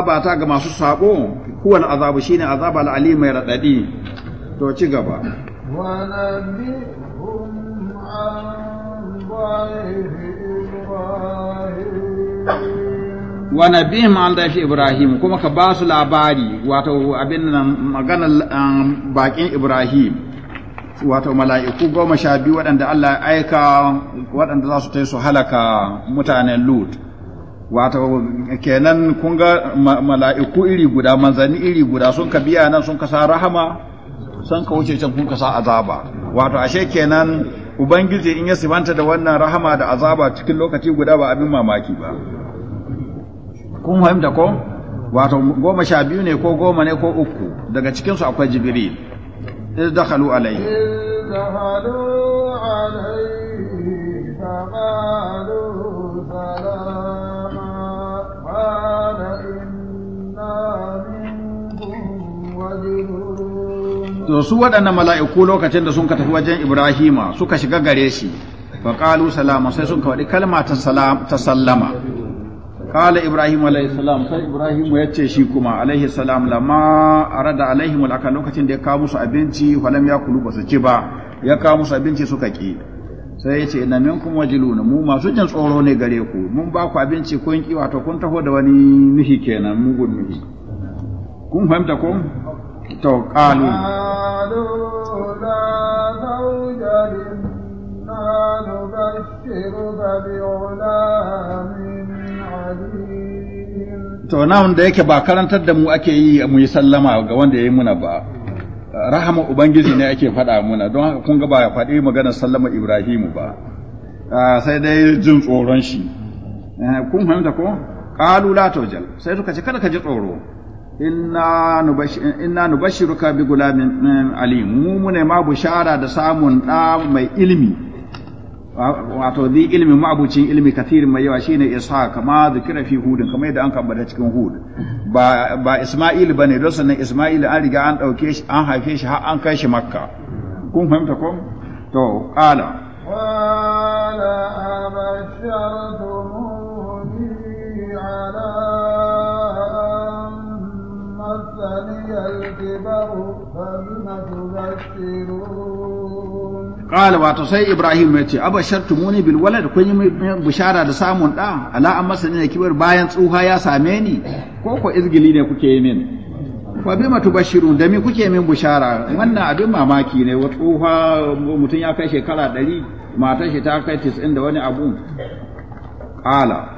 azabata ga masu saɓo? kowane azabu shine azaba al'ali mai raɗaɗi. to ci gaba Wana nabihim an daifi ibrahim kuma ka ba su labari wato abin nan maganar um, bakin ibrahim wato mala'iku goma sha biyu waɗanda Allah ya aika waɗanda za su tai su halaka mutanen lut wato kenan kun ga mala'iku iri guda manzanni iri guda sun ka biya nan sun sa rahama sun ka wuce can kun sa azaba wato ashe kenan ubangiji in ya sibanta da wannan rahama da azaba cikin lokaci guda ba abin mamaki ba kun fahimta ko wato goma sha biyu ne ko goma ne ko uku daga cikin su akwai jibril iz dakhalu alayhi dakhalu alayhi to su waɗannan mala'iku lokacin da sun ka tafi wajen Ibrahima suka shiga gare shi fa qalu salama sai sun ka wadi kalma ta salam ta sallama qala Ibrahim alayhi salam sai Ibrahim ya ce shi kuma alayhi salam lama arada alayhim alaka lokacin da ya kawo musu abinci lam ya kulu su ci ba ya kawo musu abinci suka ki sai ya ce inna minkum wajiluna mu masu jin tsoro ne gare ku mun ba ku abinci kun ki wato kun taho da wani nuhi kenan mugun nuhi kun fahimta ko to qalu to nan da yake ba karantar da mu ake yi mu yi sallama ga wanda ya yi muna ba rahama ubangiji ne ake faɗa muna don haka kun ga ba faɗi maganar sallama ibrahimu ba sai dai jin tsoron shi eh, kun fahimta ko qalu la tawjal sai suka ce kada ka ji tsoro inna nubashiruka bi gulamin eh, alim mu mune ma bushara da samun da mai ilimi wato zi ilmi ma'abucin ilmi kathirin mai yawa shine isa kama zikira fi hudin kamar yadda an kambata cikin hud ba ba isma'il bane don sannan isma'il an riga an dauke shi an haife shi har an kai shi makka kun fahimta ko to qala qala abashartum ƙala wato sai Ibrahim ya ce, Aba shartu muni bilwala da kun yi bishara da samun ɗa, ala’an masa ne da kibar bayan tsuha ya same ni, ko kwa izgili ne kuke yi min. Kwa bi matu bashiru, da mi kuke min bishara, wannan abin mamaki ne, wata tsuha ya kai shekara ɗari, matashi ta kai tis inda wani abu. Kala.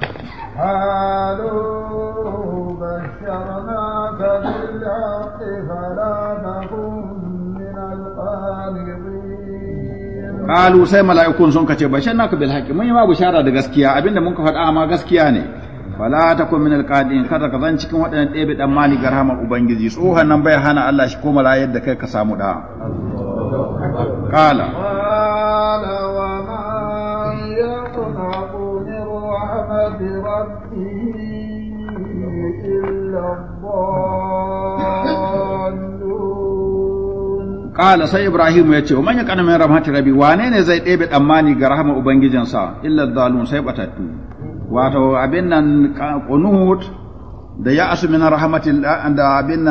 Kalu sai mala'ikun sun kace basharnaka bil haqqi mun yi ma bishara da gaskiya abinda mun ka faɗa gaskiya ne fala takun min alqadin kada ka zan cikin waɗannan ɗebe dan mali ga ubangiji tsohon nan bai hana Allah shi ko malayar da kai ka samu da qala Kala sai Ibrahim ya ce, manya ƙanamin rahmatin rabi, ne zai ɗebe tsammani ga rahama Ubangijinsa, illa zalun sai ɓatattu. Wato abin nan ƙunut da ya asumi na da abin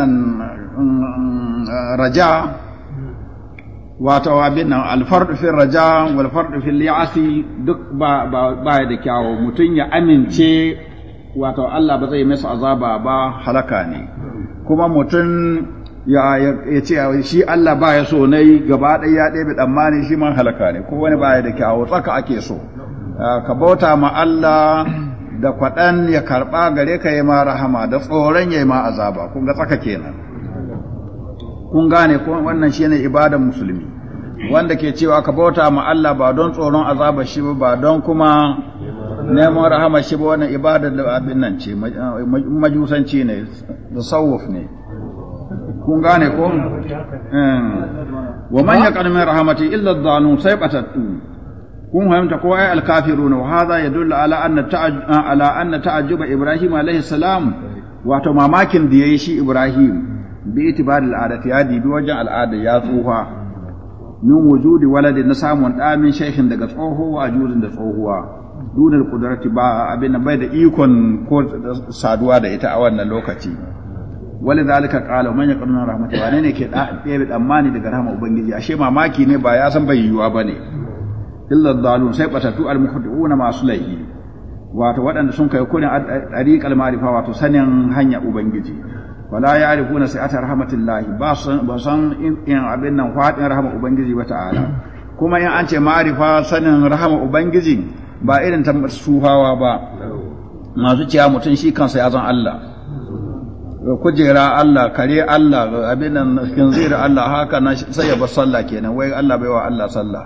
raja, wato abin nan alfardu fil raja wal fardu fil ya'si duk ba ba da kyawo mutun ya amince wato Allah ba zai masa azaba ba halaka ne kuma mutun ya ya ce shi Allah ba ya so nai gaba ɗaya ya ɗebe tsammani shi man halaka ne ko wani ba ya da kyawo tsaka ake so ah, ka bauta ma Allah da kwaɗan ya karɓa gare ka yi ma rahama da tsoron ya yi ma azaba kun ga tsaka kenan kun gane ko wannan shi ne ibadan musulmi wanda ke cewa ka bauta ma Allah ba don tsoron azaba shi ba ba don kuma neman rahama shi ba wannan ibada da abin nan ce majusanci ne da tasawuf ne kun gane ko eh. wa man yaqan min rahmati illa adh-dhanu sai batattu kun fahimta ko ai al-kafirun wa hadha yadullu ala anna ala anna ta'ajjuba ibrahim alayhi salam wato mamakin da yayi shi ibrahim bi itibaril adati ya dibi wajen al'ada ya tsufa min wujudi waladi na samun ɗa min shaikhin daga tsohuwa a juzin da tsohuwa dunar kudarati ba abin bai da ikon ko saduwa da ita a wannan lokaci wale zalika qala man yaqruna rahmatu wa ne ke da ɗebe tsammani daga rahama ubangiji ashe mamaki ne ba ya san bai yiwuwa bane illa dalun sai batatu al mukhdi'una masu laifi wato waɗanda sun kai kurin tariqal ma'rifa wato sanin hanya ubangiji wala ya sai ata rahmatullahi, ba san ba san in abin nan fadin rahama ubangiji wa ta'ala kuma in an ce ma'arifa sanin rahama ubangiji ba irin ta sufawa ba masu cewa mutum shi kansa ya zan Allah kujera Allah kare Allah abin nan zira Allah haka nan sai ya bar sallah kenan wai Allah bai wa Allah sallah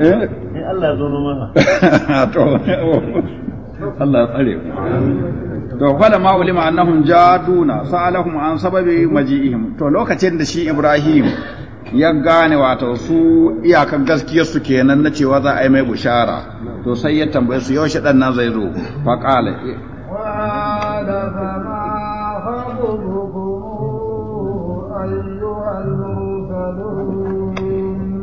eh? Eh, Allah ya zo Allah ya tsare to fala ma ulima annahum jaduna sa'alahum an sababi maji'ihim to lokacin da shi Ibrahim ya gane wato su iyakan gaskiyar su kenan na cewa za a yi mai bushara to sai ya tambaye su yaushe dan nan zai zo fa qala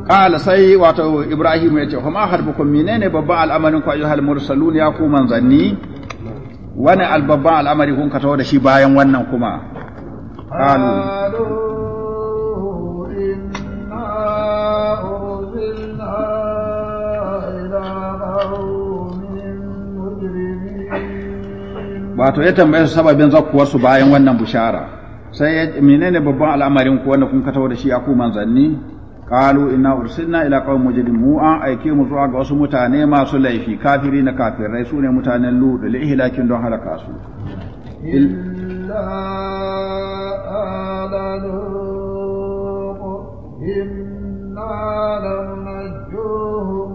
qala sai wato Ibrahim ya ce fa ma harbukum menene babban al'amarin ku ayyuhal salun ya ku manzanni wani albabban al'amari kun ka taho da shi bayan wannan kuma qalu wato ya tambaye su sababin zakkuwarsu bayan wannan bushara sai menene babban al'amarin ku wanda kun ka taho da shi a ku manzanni qalu inna ursilna ila qaumin mujrimin mu an aike mu zuwa ga wasu mutane masu laifi kafiri na kafirai su ne mutanen lut li ihlakin don halaka su illa alalu inna lamnajjuhum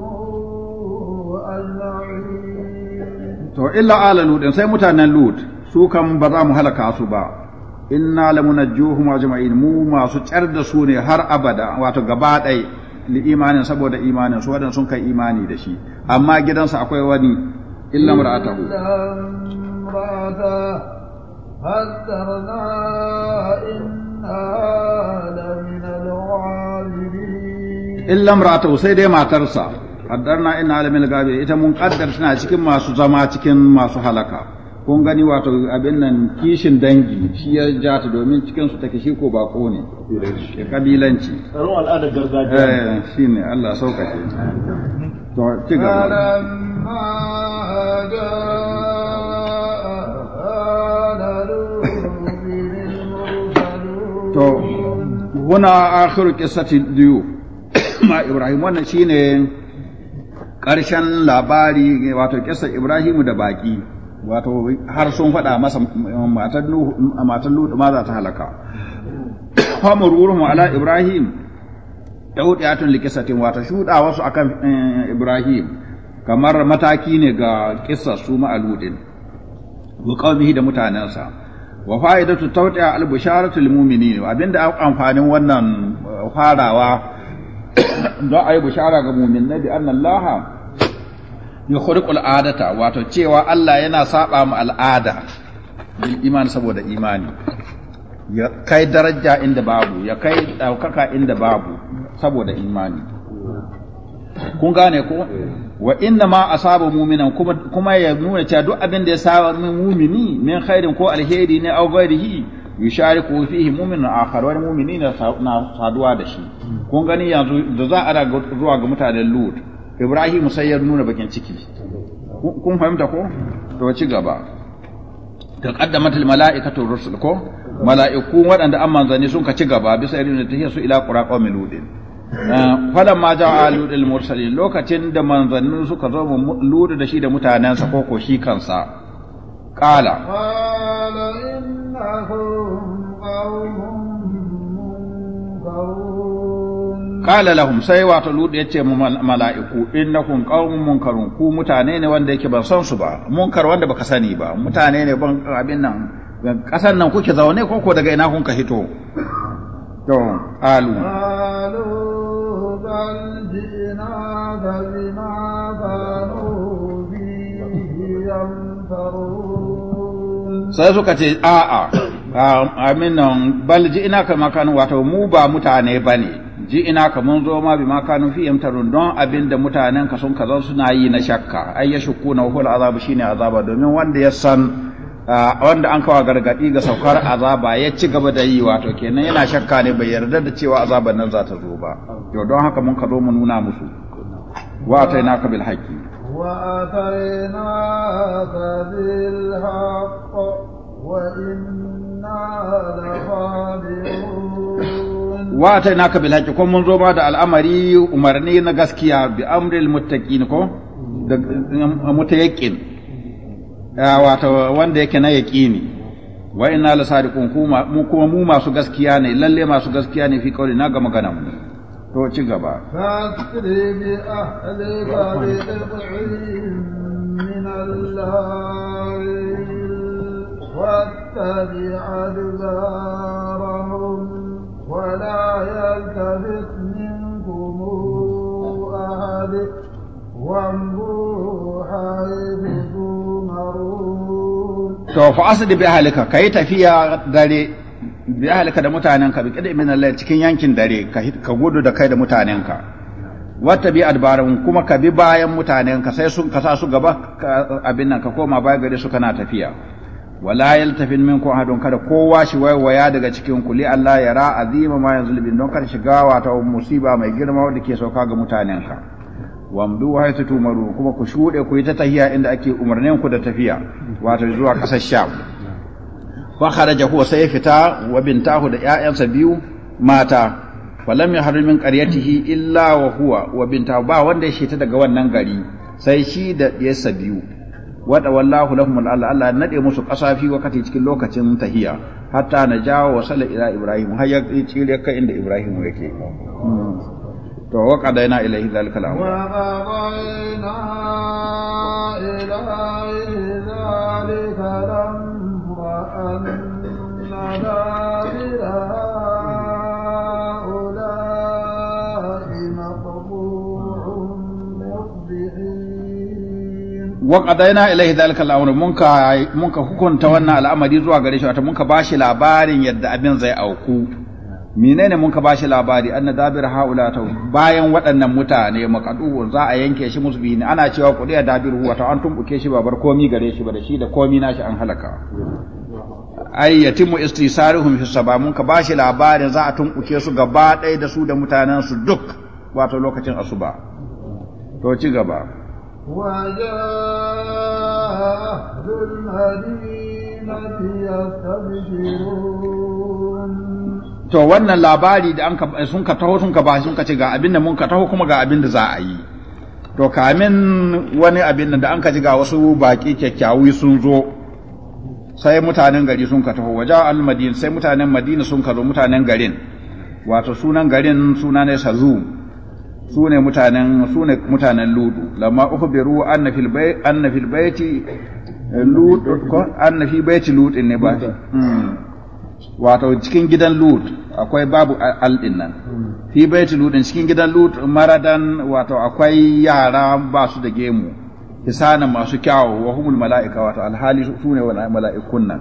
ajma'in to illa alalu sai mutanen lut su kan ba za mu halaka su ba inna lamunajjuhum ajma'in mu masu tsar da su ne har abada wato gaba ɗaya li imanin saboda imanin su wadan sun kai imani da shi amma gidansa akwai wani illa mar'atahu illa mar'atahu sai dai matarsa qaddarna inna alamin gabi ita mun kaddar tana cikin masu zama cikin masu halaka kun gani wato abin nan kishin dangi shi ya ja ta domin cikin su take shi ko ko ne kabilanci tsaron al'adar gargajiya eh shine Allah saukake to ci gaba to huna akhiru qissati diyu ma ibrahim wannan shine karshen labari wato kissa ibrahimu da baki wato har sun faɗa masa mm, matan mm, Lutu ma za ta halaka. Famar wurin ala Ibrahim, ɗauɗiyatun likisatin wata shuɗa wasu akan eh, Ibrahim, kamar mataki ne ga ƙisar su ma'aludin, wa da mutanensa. Wa fa'idatu tauɗiya albisharatu limumini abinda amfanin wannan eh, farawa don a yi bishara ga muminai na bi annan laha yukhriqul adata wato cewa Allah yana saba mu al'ada bil iman saboda imani ya kai daraja inda babu ya kai daukaka inda babu saboda imani kun gane ko wa inna ma asaba mu'minan kuma kuma ya nuna cewa duk abin da ya saba mu'mini min khairin ko alheri ne au ghairihi yushariku fihi mu'minun akhar wal mu'minina na saduwa da shi kun gani yanzu da za a zuwa ga mutanen Lut Ibrahim sai ya nuna bakin ciki kun fahimta ko to ci gaba ta qaddamatul mala'ikatu rusul ko mala'iku waɗanda an manzanni sun ka ci gaba bisa irin da tahiya su ila qura qaumil ludin eh, falan ma ja'a ludil mursalin lokacin da manzannin suka zo ludu da shi da mutanensa ko ko shi kansa qala qala innahum qaumun qala lahum sai wato lude yace mu mala'iku innakum qaumun munkarun ku mutane ne wanda yake ban san su ba munkar wanda baka sani ba mutane ne ban abin nan kasan nan kuke zaune ko ko daga ina kun hito to alu alu bal jina da bima sai suka ce a'a amin nan bal jina kama kan wato mu ba mutane bane ji ina ka mun zo ma bi ma kanu fi yamtarun don abin da mutanen ka sun kaza suna yi na shakka ai ya shukku na hukul azabu shine azaba domin wanda ya san wanda an kawa gargadi ga saukar azaba ya ci gaba da yi wato kenan yana shakka ne bai yarda da cewa azaban nan za ta zo ba to don haka mun ka zo mu nuna musu wa ataina ka bil haqqi wa ataina ka bil haqqi wa inna la wa ta naka bil haqqi ko mun zo ma da al'amari umarni na gaskiya bi amril muttaqin ko da mutayaqqin wato wanda yake na yaqini wa inna la sadiqun kuma mu kuma mu masu gaskiya ne lalle masu gaskiya ne fi kauli na ga magana mu to ci gaba واتبع أدبارهم ولا يلتفت منكم أحد وامضوا حيث to fa asdi bi ahlika kai tafiya dare bi ahlika da mutanenka bi kada min Allah cikin yankin dare ka gudu da kai da mutanenka wata bi adbarun kuma ka bi bayan mutanenka sai sun kasa su gaba abin nan ka koma baya gare su kana tafiya wala yaltafin ku ahadun kada kowa shi waiwaya daga cikin ku li Allah ya ra azima ma yanzu bin don kada shiga wata musiba mai girma wanda ke sauka ga mutanen ka wamdu haythu tumaru kuma ku shude ku yi ta tahiya inda ake umarnin ku da tafiya wato zuwa kasar sham fa kharaja huwa sai fita wa bintahu da 'ya'yansa biyu mata falam haru min qaryatihi illa wa huwa wa bintahu ba wanda ya ta daga wannan gari sai shi da ɗiyarsa biyu wada wallahu lahum al Allah nade musu kasa fi wakati cikin lokacin tahiya hatta na jawo sala ila ibrahim har ya tsire kai inda ibrahim yake to wa qadaina ilayhi dhalika al wa qadaina dhalika al wa qadaina ilaihi dhalika al-amr munka munka hukunta wannan al'amari zuwa gare shi wato munka bashi labarin yadda abin zai auku menene munka bashi labari anna dabir haula ta bayan waɗannan mutane makadu za a yanke shi musu bini ana cewa kudiya dabir ta an tumbuke shi babar komi gare shi ba da shi da komi nashi an halaka ai yatimu istisaruhum fi saba munka bashi labarin za a tumbuke su gaba ɗaya da su da mutanen su duk wato lokacin asuba to ci gaba وجاء أهل المدينة يستبشرون to wannan labari da an sun ka taho sun ka ba sun ka ce ga abin da mun ka taho kuma ga abin da za a yi to kamin wani abin da an ka ji ga wasu baki kyakkyawi sun zo sai mutanen gari sun ka taho waje al-madina sai mutanen madina sun ka zo mutanen garin wato sunan garin suna ne sazum sune mutanen sune mutanen ludu lamma ukhbiru anna fil bayt anna fil bayti eh, lut ko anna fi bayti ne ba hmm. wato cikin gidan lut akwai babu aldin nan fi bayti lut cikin gidan lut maradan wato akwai yara ba su da gemu hisanan masu kyawu wa humul mala'ika wato alhali sune mala'ikun nan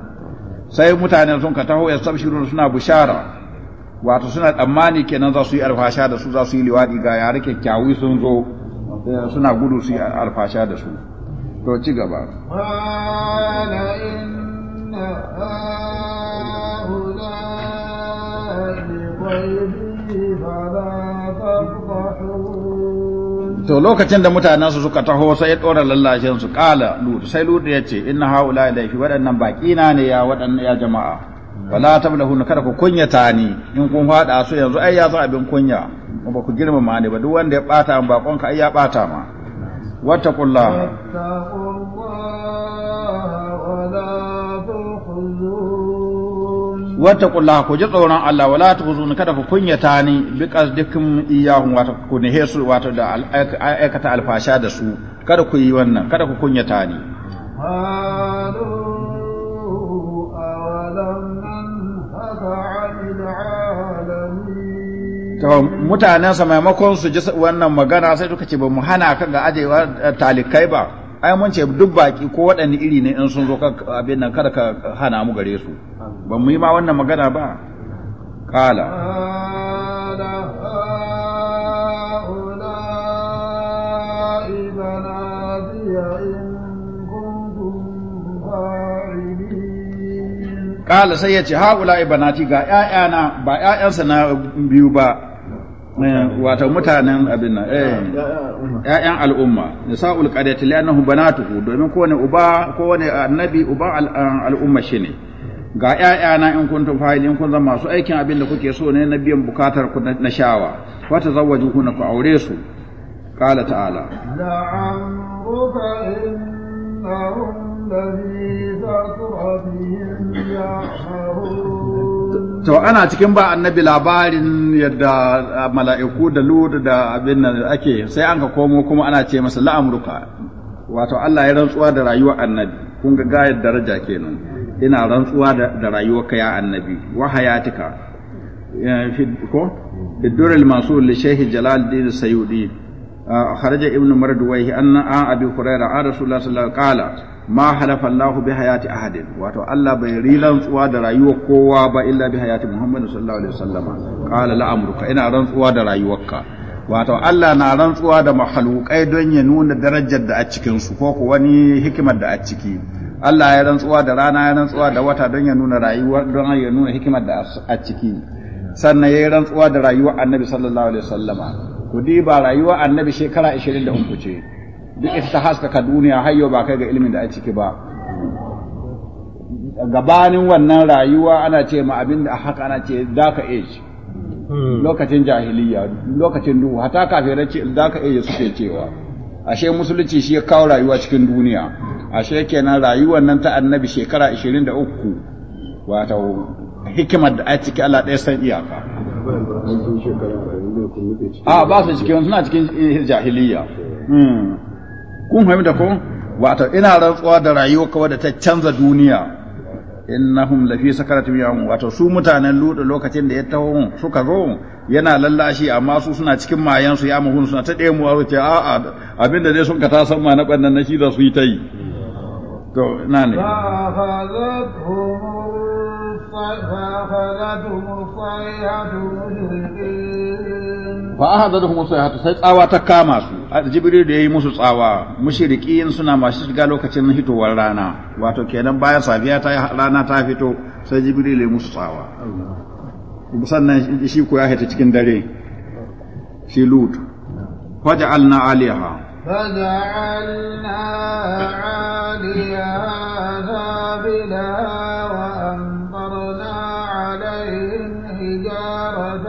sai mutanen sun ka taho ya suna bushara wato suna tsammani kenan za su yi alfasha da su za su yi liwaɗi ga yare kyakkyawi sun zo suna gudu su yi alfasha da su to ci gaba To lokacin da mutanen su suka taho sai ya ɗora lallashin su ƙala lutu sai lutu ya ce inna haula fi waɗannan baƙina ne ya waɗannan ya jama'a wala tablahun kada ku kunyata ni in kun fada su yanzu ai ya zo abin kunya ba ku girmama ne ba duk wanda ya bata an bakon ka ai ya bata ma wattaqullaha wattaqullaha ku ji tsoron Allah wala tukhzun kada ku kunyata ni bi qasdikum iyyahum wa ku ne hesu wata da aikata alfasha da su kada ku yi wannan kada ku kunyata ni to mutanen sa maimakon su ji wannan magana sai suka ce ba mu hana ka ga ajewa eh, talikai ba ai mun ce duk baki ko waɗanne iri ne in sun zo ka abin nan kada ka hana mu gare su ba mu yi ma wannan magana ba kala Kala sai ya ce, na ci ga ’ya'yana ba ’ya'yansa na biyu ba, Eh, wato mutanen abin nan eh ƴaƴan al'umma nisa'ul qaryati li'annahu banatuhu domin kowane uba ne annabi uba eh, al'umma shine ga ƴaƴana in kun tufayil in kun zama masu aikin abin da kuke so ne na biyan bukatar ku na shawa ta tazawwaju kuna ku aure su qala ta'ala la'amruka innahum lafi to ana cikin ba annabi labarin yadda mala'iku da lud da abin nan ake sai an ka komo kuma ana ce masa la'amruka wato Allah ya rantsuwa da rayuwar annabi kun ga gayar daraja kenan ina rantsuwa da rayuwar ka ya annabi wa hayatika eh, ko bidurul masul li shaykh jalaluddin sayyidi خرج ابن مردويه أن عن أبي هريرة عن رسول الله صلى الله عليه وسلم قال ما حلف الله بحياة أحد واتو الله بيريلان سوى درايو قوة إلا بحياة محمد صلى الله عليه وسلم قال لا أمرك إن أران سوى درايوك wato Allah na rantsuwa da mahalukai don ya nuna darajar da a cikinsu ko kuwa wani hikimar da a ciki Allah ya rantsuwa da rana ya rantsuwa da wata don ya nuna rayuwa don ya nuna hikimar da a ciki sannan ya yi rantsuwa da rayuwar annabi sallallahu alaihi wasallama ku ba rayuwa annabi shekara 23 ce duk ita ta haskaka duniya har yau ba kai ga ilimin da a ciki ba gabanin wannan rayuwa ana ce ma abin da haka ana ce ka age hmm. lokacin jahiliya lokacin duhu hata kafirai ce ka age suke cewa ashe musulunci shi ya kawo rayuwa cikin duniya ashe kenan rayuwar nan ta annabi shekara 23 wato hikimar da a ciki Allah ɗaya san iyaka a ah, ba su cikin suna cikin eh, jahiliya hmm. kun fahimta ko wata ina rantsuwa da rayuwa kawai da ta canza duniya innahum lafi sakaratun yawon wato su mutanen ludu lokacin da ya taho suka zo yana lallashi amma su suna cikin mayansu ya mahun suna ta ɗaya mu a abinda dai sun ka tasan ma na ɓannan na shi za su yi ta yi to na ne fa ahadatuhum musayhatu sai tsawa ta kama su jibril da yi musu tsawa mushrikin suna masu shiga lokacin hitowar rana wato kenan bayan safiya ta rana ta fito sai jibril ya musu tsawa sannan shi ko ya hita cikin dare shi lut faja'alna aliha فجعلنا عاليها سافلها وأمطرنا عليهم حجارة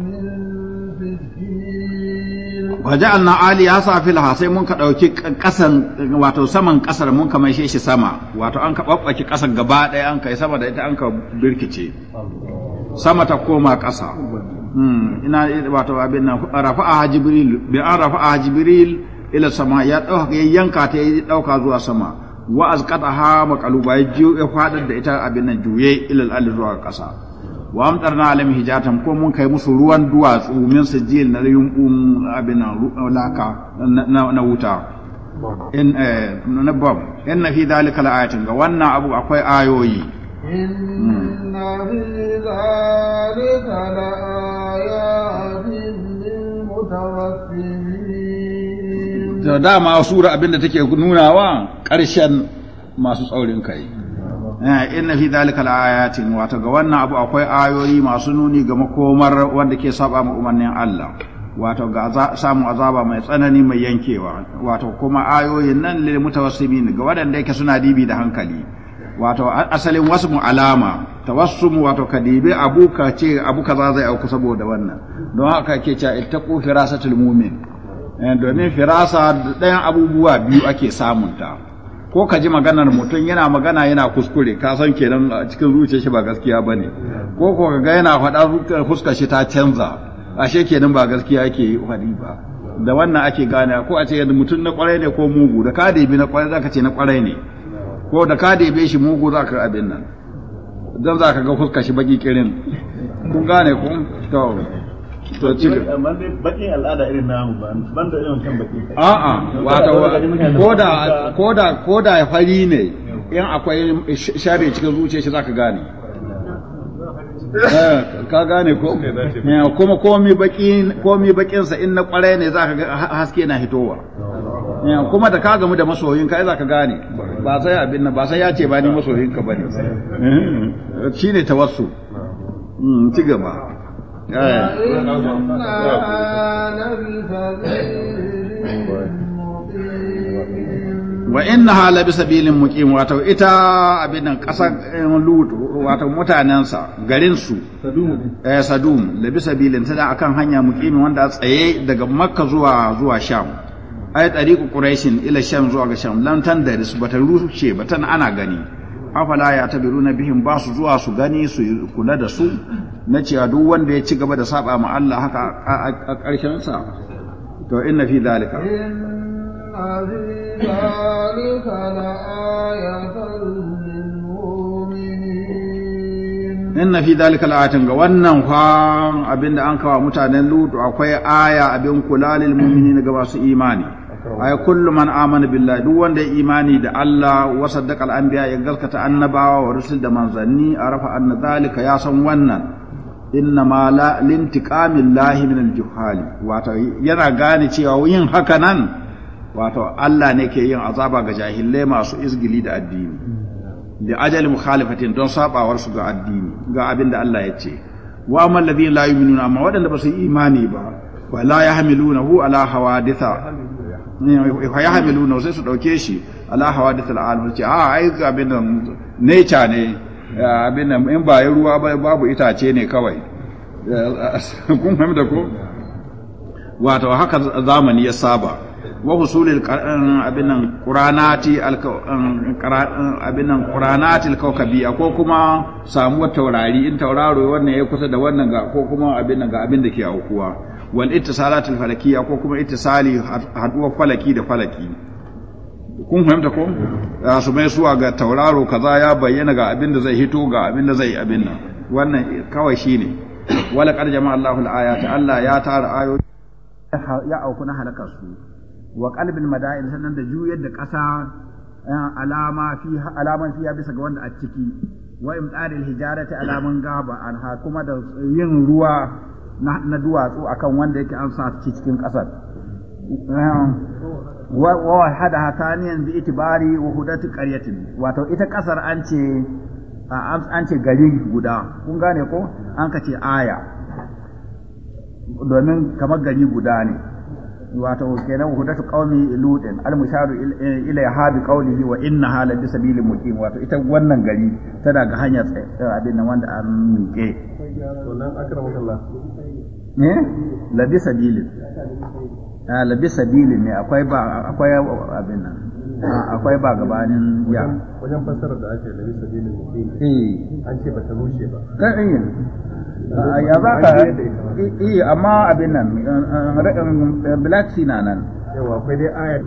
من سجيل وجعلنا عاليها سافلها sai mun ka ɗauki ƙasan wato saman ƙasar mun ka maishe shi sama wato an ka ɓaɓɓake ƙasar gaba ɗaya an ka yi sama da ita an ka birkice sama ta koma ƙasa Hmm, ina wato abin nan rafa'aha jibril bi an jibril ila sama ya dauka ya yanka ta ya dauka zuwa sama wa azqataha maqaluba ya jiyo ya fadar da ita abin nan juye ila al zuwa kasa wa amtarna alim hijatan ko mun kai musu ruwan duwatsu min sijil na yumbun abin nan laka na wuta in eh, na bab inna fi dhalika la'ayatin ga wannan abu akwai ayoyi inna fi dhalika da dama sura abinda take nunawa karshen masu tsaurin kai eh, inna fi dhalika laayatin wato ga wannan abu akwai ayoyi masu nuni ga makomar wanda ke saba mu umarnin Allah wato ga samun azaba mai tsanani mai yankewa wato kuma ayoyin nan lil mutawassimin ga wadanda yake suna dibi da hankali wato asalin wasu mu alama ta wato ka dibi abu ce abu kaza zai auku saboda wannan don haka ke cewa ittaqu firasatul mu'min eh, domin firasa ɗayan abubuwa biyu ake samunta ko ka ji maganar mutum yana magana yana kuskure ka san kenan a cikin zuciya shi ba gaskiya bane ko ko ga yana faɗa fuskar shi ta canza ashe kenan ba gaskiya yake faɗi ba da wannan ake gane ko a ce mutum na kwarai ne ko mugu da kadibi na kwarai zaka ce na kwarai ne ko da ka debe shi mugu za ka abin nan don za ka ga fuska shi baki kirin kun gane kun to to ci amma dai bakin al'ada irin namu ba ban da irin kan baki a'a wato koda koda koda fari ne in akwai share cikin zuciya shi za ka gane Eh, ka gane ko eh, kuma komi baki komi bakin sa in na kwarai ne zaka ga haske na hitowa eh, kuma da ka gamu da masoyin ka zaka gane ba sai abin nan ba sai ya ce ba ni masoyin ka bane shine tawassul hmm, ci gaba wa innaha bi sabilin muqim wato ita abin kasar eh, lut wato mutanensa garin su eh sadum la sabilin tada akan hanya muqimi wanda tsaye daga makka zuwa zuwa sham ay tariqu quraishin ila sham zuwa ga sham lam tandaris bata ruce batan ana gani afala ya tabiruna bihim ba su zuwa su gani su kula da su na cewa duk wanda ya ci gaba da saba ma Allah haka a ƙarshen sa to inna fi zalika in na fi dalika la'atin ga wannan fa abin da an kawa mutanen lutu akwai aya abin kula lil ga masu imani a kullu man duk wanda ya yi imani da Allah wa saddaqa al-anbiya ya gaskata annabawa wa rusul da manzanni arafa anna dalika ya san wannan inna ma la lintiqamillahi min al-juhali wato yana gane cewa yin haka nan wato Allah ne ke yin azaba ga jahilai masu izgili da addini da ajali mukhalifatin don sabawar su ga addini ga abin da Allah ya ce wa amal ladina la yu'minuna amma waɗanda ba su yi imani ba wa la hu ala hawaditha fa yahmiluna sai su dauke shi ala hawaditha al ce a ah, ai ga abin nan cha ne abin nan in ba ruwa ba babu itace ne kawai kun fahimta ko wato haka zamani ya saba wa husulil um, abinan quranati um, um, abinan quranati alkawkabi ko kuma samuwar taurari in tauraro wannan ya kusa da wannan ga ko kuma abinan ga abin da ke aukuwa wal ittisalat alfalakiyya ko kuma ittisali haduwar falaki da falaki kun fahimta ko su mai suwa ga tauraro kaza ya bayyana ga abin da zai hito ga abin da zai abin nan wannan kawai shine wala qad jama'a Allahu al-ayata Allah ya tara ayoyi ya auku na halakar su wa qalbil mada'in sannan da juyar da ƙasa eh, alama fi alaman fiya bisa ga wanda a ciki wa imdaril hijarati alaman gaba anha kuma da yin ruwa na duwatsu akan wanda yake an sa cikin ƙasar eh, wa hada hataniyan bi itibari hudati qaryatin wato ita ƙasar an ce an ce gari guda kun gane ko an ka ce aya domin kamar gari guda ne wato kenan hudatu qaumi ludin almusharu ilaiha eh, bi qawlihi wa inna hala bi sabili muqim wato ita wannan gari tana ga hanya eh, abin nan wanda an miƙe to nan akramakallah eh labi sabilin a ah, labi sabilin ne akwai ba akwai abin nan ah, akwai ba gabanin ya wajen fassara da ake labi sabilin muqim eh an ce ba ta rushe ba kan ya za ka iya amma abin nan eh, eh, eh, black sea na nan yawa akwai dai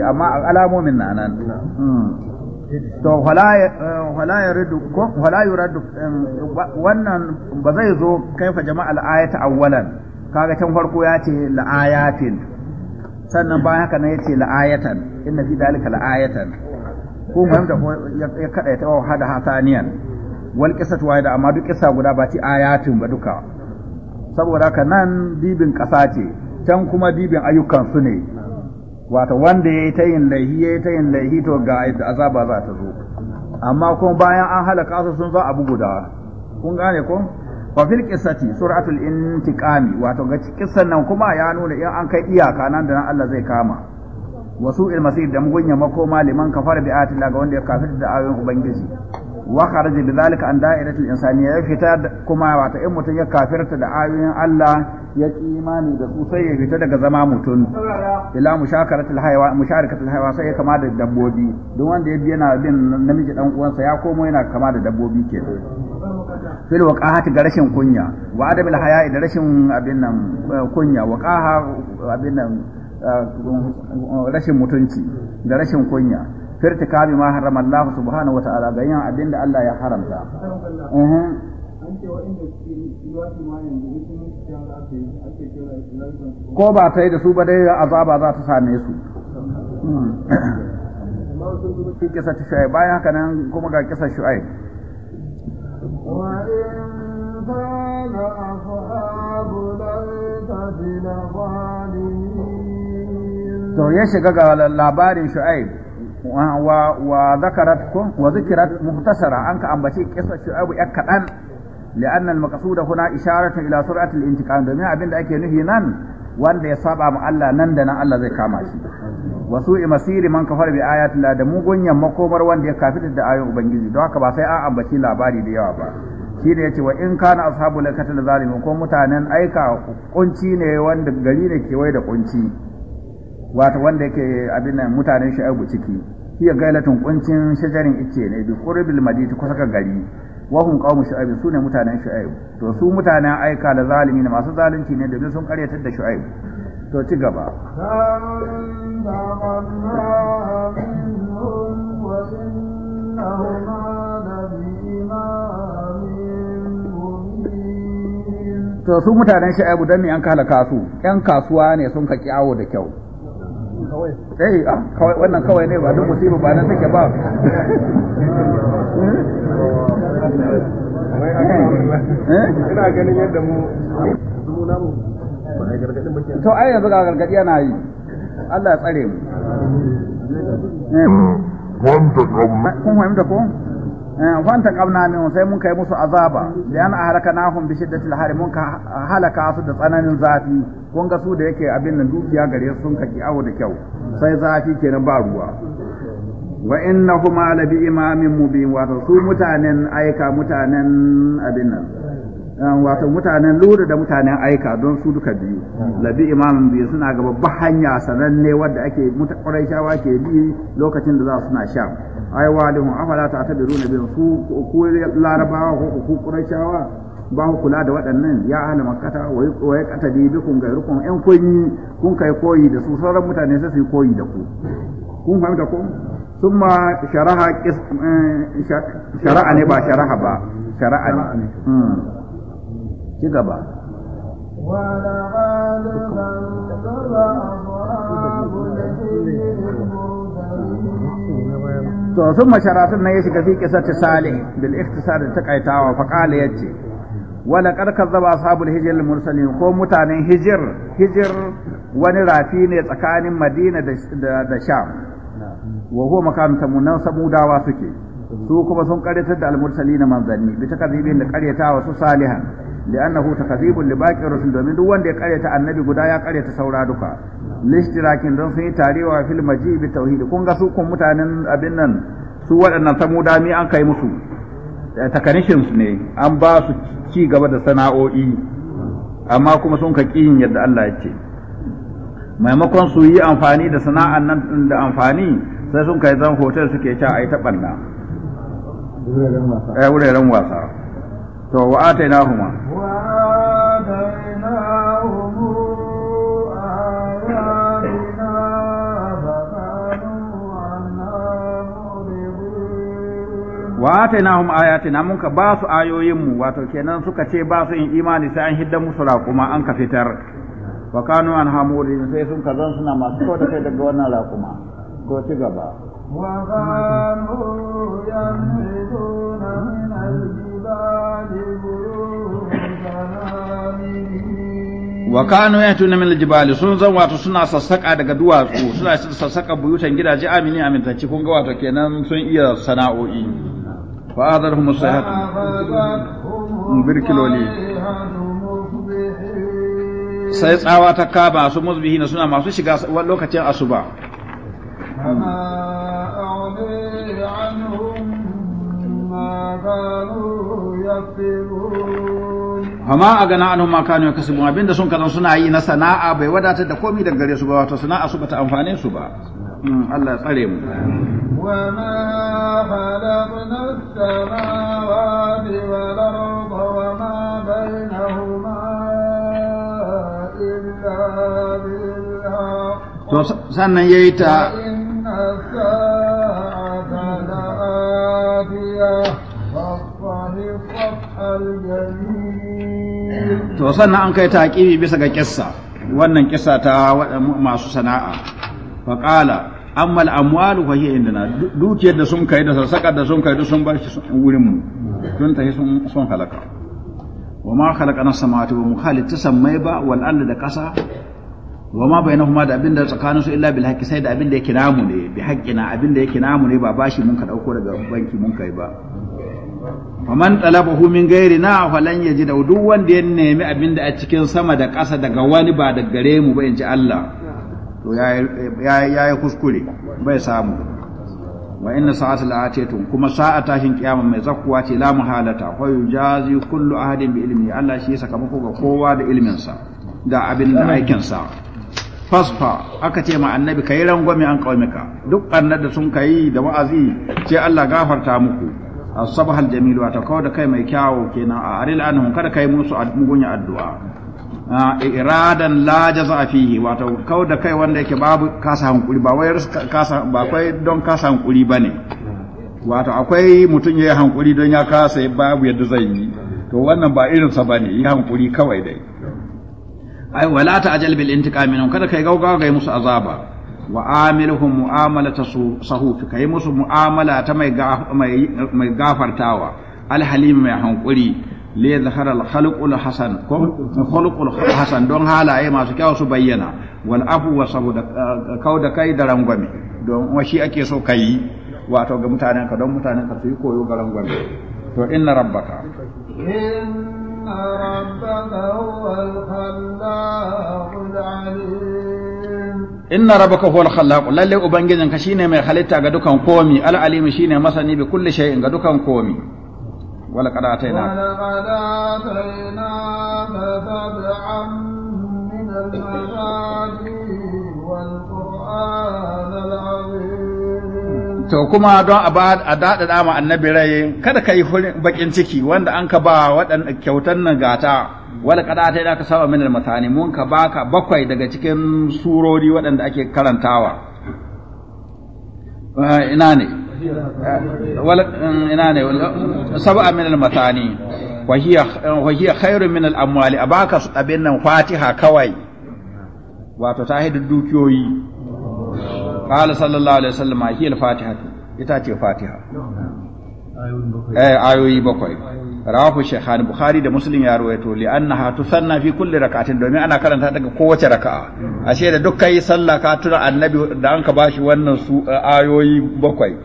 amma alamomin na nan hmm. to wala ya ko wala wannan ba zai zo kaifa jama'al ayata awwalan kaga can farko ya ce la'ayatin sannan bayan haka nan ya ce la'ayatan inna fi dalika la'ayatan ko fahimta ko ya kada ya tawo hada hasaniyan wal qissatu wahida amma duk qissa guda ba ci ayatin ba duka saboda haka nan dibin ƙasa ce can kuma dibin ayyukan su ne wato wanda yayi ta yin laihi yayi ta yin laihi to ga yadda azaba za ta zo amma kuma bayan an halaka su sun zo abu guda kun gane ko fa fil qissati suratul intiqami wato ga kissan nan kuma ya nuna in an kai iyaka nan da nan Allah zai kama wasu il masir da mugunya makoma liman kafara bi ayati ga wanda ya kafir da ayoyin ubangiji wa kharaja bi zalika an da'iratul insaniya ya fita kuma wata in mutum ya kafirta da ayoyin Allah ya ki imani da su sai ya fita daga zama mutun. ila musharakatul haywa musharakatul haywa sai ya kama da dabbobi duk wanda ya bi yana bin namiji dan uwansa ya komo yana kama da dabbobi ke fil waqahat ga rashin kunya wa adabil haya da rashin abin nan eh, kunya waqaha abin nan eh, rashin mutunci da rashin kunya firtikabi ma harrama Allah subhanahu wa ta'ala ga yin abin da Allah ya haramta eh ko ba ta yi da su ba dai azaba za ta same su fi kisa ta shu'ai bayan haka nan kuma ga kisa shu'ai كان to ya shiga ga labarin shu'aib Wa zaka rat ko? Wasu kirat an ka ambaci kisa cewa abu ƴa kaɗan. Le'an nan maka su da ku na isarar ta da inci ƙananan abin da ake nufi nan, wanda ya saɓa ma Allah nan da nan Allah zai kama shi. Wasu i masiri mun kafa da biyar aya tun da mu ganyenmu komar wanda ya kafet da ayobon ubangiji don haka ba sai a ambaci labari da yawa ba. Shi ne ya ce wa in kana asabar laifukan da zalimin, ko mutanen aika kunci ne wanda gari ne ke wai da kunci wata wanda ya ke mutanen shi aibu ciki. hiya gailatun kuncin shajarin ice ne bi qurbil madina kusa ga gari wa hum qaumu shu'aib sune mutanen shu'aib to su mutanen aika da zalimi ne masu zalunci ne domin sun karyatar da shu'aib to ci gaba to su mutanen shu'aib dan me an halaka su yan kasuwa ne sun ka kiyawo da kyau Ah, kawai wannan kawai ne ba don musibu ba nan take ba eh? ina ganin yadda mu to ai yanzu ga gargadi yana yi Allah ya tsare mu eh. kun fahimta ko fanta eh, kabna min sai mun kai musu azaba da an halaka nahum bi shiddatil hari mun ka halaka su da tsananin zafi kun ga su da yake abin nan dukiya gare sun ka ki awo da kyau sai zafi kenan ba ruwa wa innahum ala bi imamin mubin wato su mutanen aika mutanen abin nan eh, wato mutanen lura da mutanen aika don su duka biyu labi imamin biyu suna ga babban hanya sananne wadda ake mutakwarai shawa ke bi lokacin da za su na sha ai mu afala ta ta na bin su ku larabawa ko ku qurayshawa ba ku kula da waɗannan ya ahli makkata wa ya bi bikum ga rukun kun yi kun kai koyi da su sauran mutane sai su koyi da ku kun fahimta ko summa sharaha eh, shara'a ne ba sharaha ba shara'a ne hmm. ci gaba ولقد كذب أصحاب الحجر المرسلين to sun masharatun nan ya shiga fi kisati salih bil iktisar da takaitawa fa qala yace wala qad kazzaba ashabul hijr al mursalin ko mutanen hijir hijir wani rafi ne tsakanin madina da sha sham wa huwa makan tamunan samudawa suke su kuma sun karyatar da al mursalin manzanni bi takazibin da wa su salihan لأنه تكذيب لباقي الرسل دومين دو دي قرية النبي قدا يقرية سورا دكا لاشتراك دون تاريوه في المجيء بالتوحيد كون غسوكم متعنين أبنن سوى أن تمو دامي أن كي مسو تكنيشنس ني أن باسو ci gaba da sana'o'i amma kuma sun ka ƙin yadda Allah ya ce maimakon su yi amfani أنفاني sana'an يزن فوتر سكيشا أي تبنى kai zan hotel suke ci a to wa huma wa atainahum ayatina mun ka ba su ayoyin mu wato kenan suka ce ba su in imani sai an hidda musu raƙuma an ka fitar wa kanu an hamuri sai sun ka zan suna masu kawo da kai daga wannan raƙuma ko ci gaba wa kanu yamriduna min wa kanu yahtuna min aljibali sun zan wato suna sassaka daga duwatsu suna sassaka buyutan gidaje amini amintacci kun ga wato kenan sun iya sana'o'i fa adarhum sayhat birkiloli sai tsawa ta kaba su na suna masu shiga lokacin asuba Hama a gana anun ma kanu ya kasu bin abinda sun kanu suna yi na sana'a bai wadatar da komi da gare su ba wata sana'a su bata amfane su ba. Mm, Allah ya tsare mu. Wa ma halabna samawati wal arda wa ma bainahuma illa billah. To sannan yayi ta inna to sannan an kai taqibi bisa ga kissa wannan kissa ta masu sana'a fa qala amma al amwalu fa hiya indana dukiyar da sun kai da sarsakar da sun kai da sun bashi wurin mu tun tahi sun sun halaka wa ma khalaqana samawati wa mukhalit tasammai ba wal ardi da kasa wa ma bainahuma da abinda tsakanin su illa bil haqqi sai da abinda yake namu ne bi haqqina abinda yake namu ne ba bashi mun ka dauko daga banki mun kai ba faman man talabahu min na falan da duk wanda ya nemi abin da a cikin sama da ƙasa daga wani ba da gare mu ba in ji Allah to ya yi kuskure bai samu wa inna sa'ata la'atatun kuma sa'a tashin kiyama mai zakkuwa ce la muhalata fa yujazi kullu ahadin bi ilmi Allah shi ya saka muku ga kowa da ilmin sa da abin da aikin sa fasfa aka ce ma annabi kai rangwame an kaumika duk annabi sun kai da wa'azi ce Allah gafarta muku الصباح jamilu wata كاي da kai mai kyawo kenan a aril anhum kada kai musu mugunya addu'a iradan la jaza fihi wata kawo da kai wanda yake babu kasa hankuri ba wai don kasa hankuri bane wato akwai mutum ya yi hankuri don ya kasa zai yi to wannan ba irin sa bane yi hankuri kawai dai ai wala ta ajal bil intiqam kada kai gaugawa ga musu azaba wa amilhum mu'amalata sahufi kai musu mu'amala ta mai mai gafartawa alhalim mai hankuri li yadhhara al hasan hasan don halaye masu kyau su bayyana wal afu wa saboda eh, kauda kai da rangwame don washi ake so kai wato ga mutanen ka don mutanen ka su yi koyo ga rangwame to inna rabbaka inna rabbaka huwal khallaqul alim inna rabbaka al khallaq lalle ubangijinka shine mai halitta ga dukan komi al alim shine masani bi kulli shay'in ga dukan komi wala qad ataina wala qad ataina fatab'an min al wal qur'an al azim to kuma don a ba a dadada annabi rai kada kai bakin ciki wanda an ka ba waɗannan kyautan nan gata wala kada ta da ka saba min al-matani mun ka baka bakwai daga cikin surori waɗanda ake karantawa eh, ina ne eh, wala eh, ina ne saba min al-matani wa hiya wa hiya khairun min al-amwali abaka abin nan fatiha kawai wato ta hidu dukiyoyi qala sallallahu alaihi wasallam hiya al-fatiha ita ce fatiha eh ayoyi bakwai rawahu shaykhan bukhari da muslim ya rawaito li annaha tusanna fi kulli rak'atin domin ana karanta daga kowace raka'a ashe da duk yi sallah ka tuna annabi da an ka bashi wannan su eh, ayoyi bakwai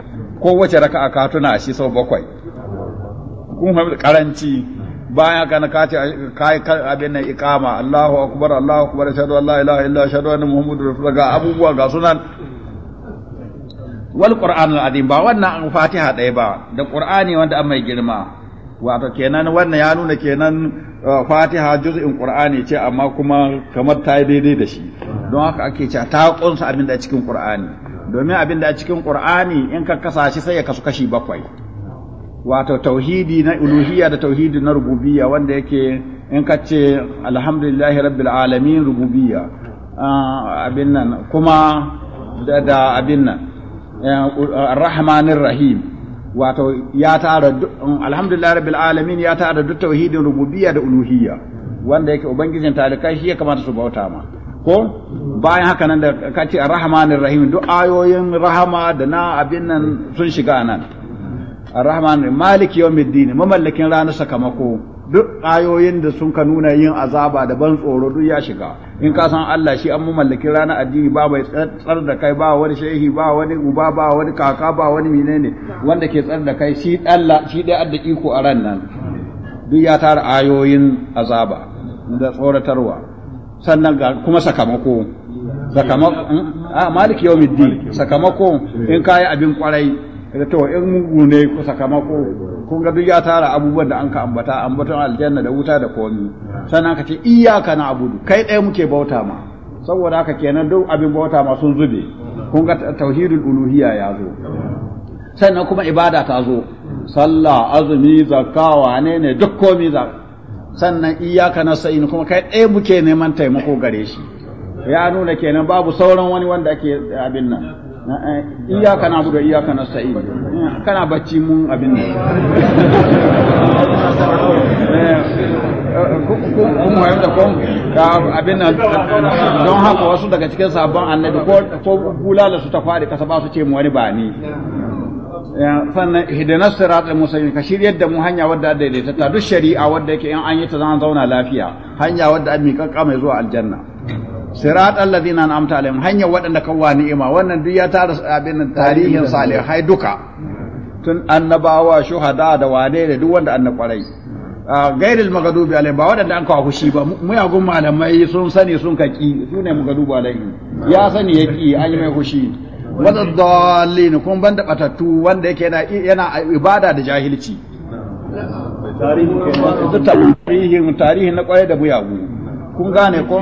kowace raka'a ka tuna a shi sau bakwai kun fahimta karanci bayan haka ka kace kai abin nan iqama Allahu akbar Allahu akbar shahadu an la ilaha illa shahadu anna muhammadur rasulullah ga abubuwa ga sunan wal qur'anul azim ba wannan an fatiha ɗaya ba da qur'ani wanda an mai girma wato kenan wannan ya nuna kenan uh, fatiha juz'in qur'ani ce amma kuma kamar ta yi daidai da shi don haka ake cewa ta kunsa abin da a cikin qur'ani domin abin da a cikin qur'ani in ka kasa sai ya kasu kashi bakwai wato tauhidi na uluhiyya da tauhidi na rububiyya wanda yake in ka ce alhamdulillahi rabbil alamin rububiyya uh, abin nan kuma da abin nan uh, rahmanir rahim wato ya tara um, alhamdulillah rabbil alamin ya tara duk tauhidin rububiyya da uluhiyya wanda yake ubangijin talikai shi ya kamata su bauta ma ko bayan haka nan da kace arrahmanir rahim duk ayoyin rahama da na abin nan sun shiga nan arrahman maliki. yawmiddin mamallakin ranar sakamako duk ayoyin da sun ka nuna yin azaba da ban tsoro duk ya shiga in ka san Allah shi an mu mallaki ranar addini ba mai tsar da kai ba wani shehi ba wani uba ba wani kaka ba wani menene wanda ke tsar da kai shi Allah shi dai adda iko a ran nan duk ya tara ayoyin azaba da tsoratarwa sannan ga kuma sakamako sakamako hmm? a ah, malik yawmiddin sakamako in kai abin kwarai da to in mugu ne ku sakamako kun ga duk ya tara abubuwan da an ka ambata ambaton aljanna da wuta da komi sannan ka ce iyyaka na abudu kai ɗaya muke bauta ma saboda haka kenan duk abin bauta ma sun zube kun ga tauhidul uluhiyya ya zo sannan kuma ibada ta zo sallah azumi zakka wane ne duk komi za sannan iyyaka nasta'in kuma kai ɗaya muke neman taimako gare shi ya nuna kenan babu sauran wani wanda ake abin nan Eh, iyaka na budu iyaka kana sa'i eh, kana bacci mun abin nan eh, kun wayo da kun abin nan don haka wasu daga cikin sabon annabi ko bulala su ta fari kasa ba su ce mu wani ba ni sannan hidana sirat al-mustaqim ka shirye da mu hanya wadda daidaita ta duk shari'a wadda yake in an yi ta zan zauna lafiya hanya wadda an miƙaƙƙa mai zuwa aljanna sirat alladhina an'amta alaihim hanyar waɗanda kawwa wa ni'ima wannan duk ya tara abin tarihin salihai duka tun annabawa shuhada da wane da duk wanda annab kwarai gairil magadubi alaihim ba waɗanda an kawo fushi ba muyagun malamai sun sani sun kaki su ne magadubi alaihim ya sani ya ki an yi mai fushi wanda dallin kun ban da batattu wanda yake yana yana ibada da jahilci tarihin tarihin na kwarai da muyagu kun gane ko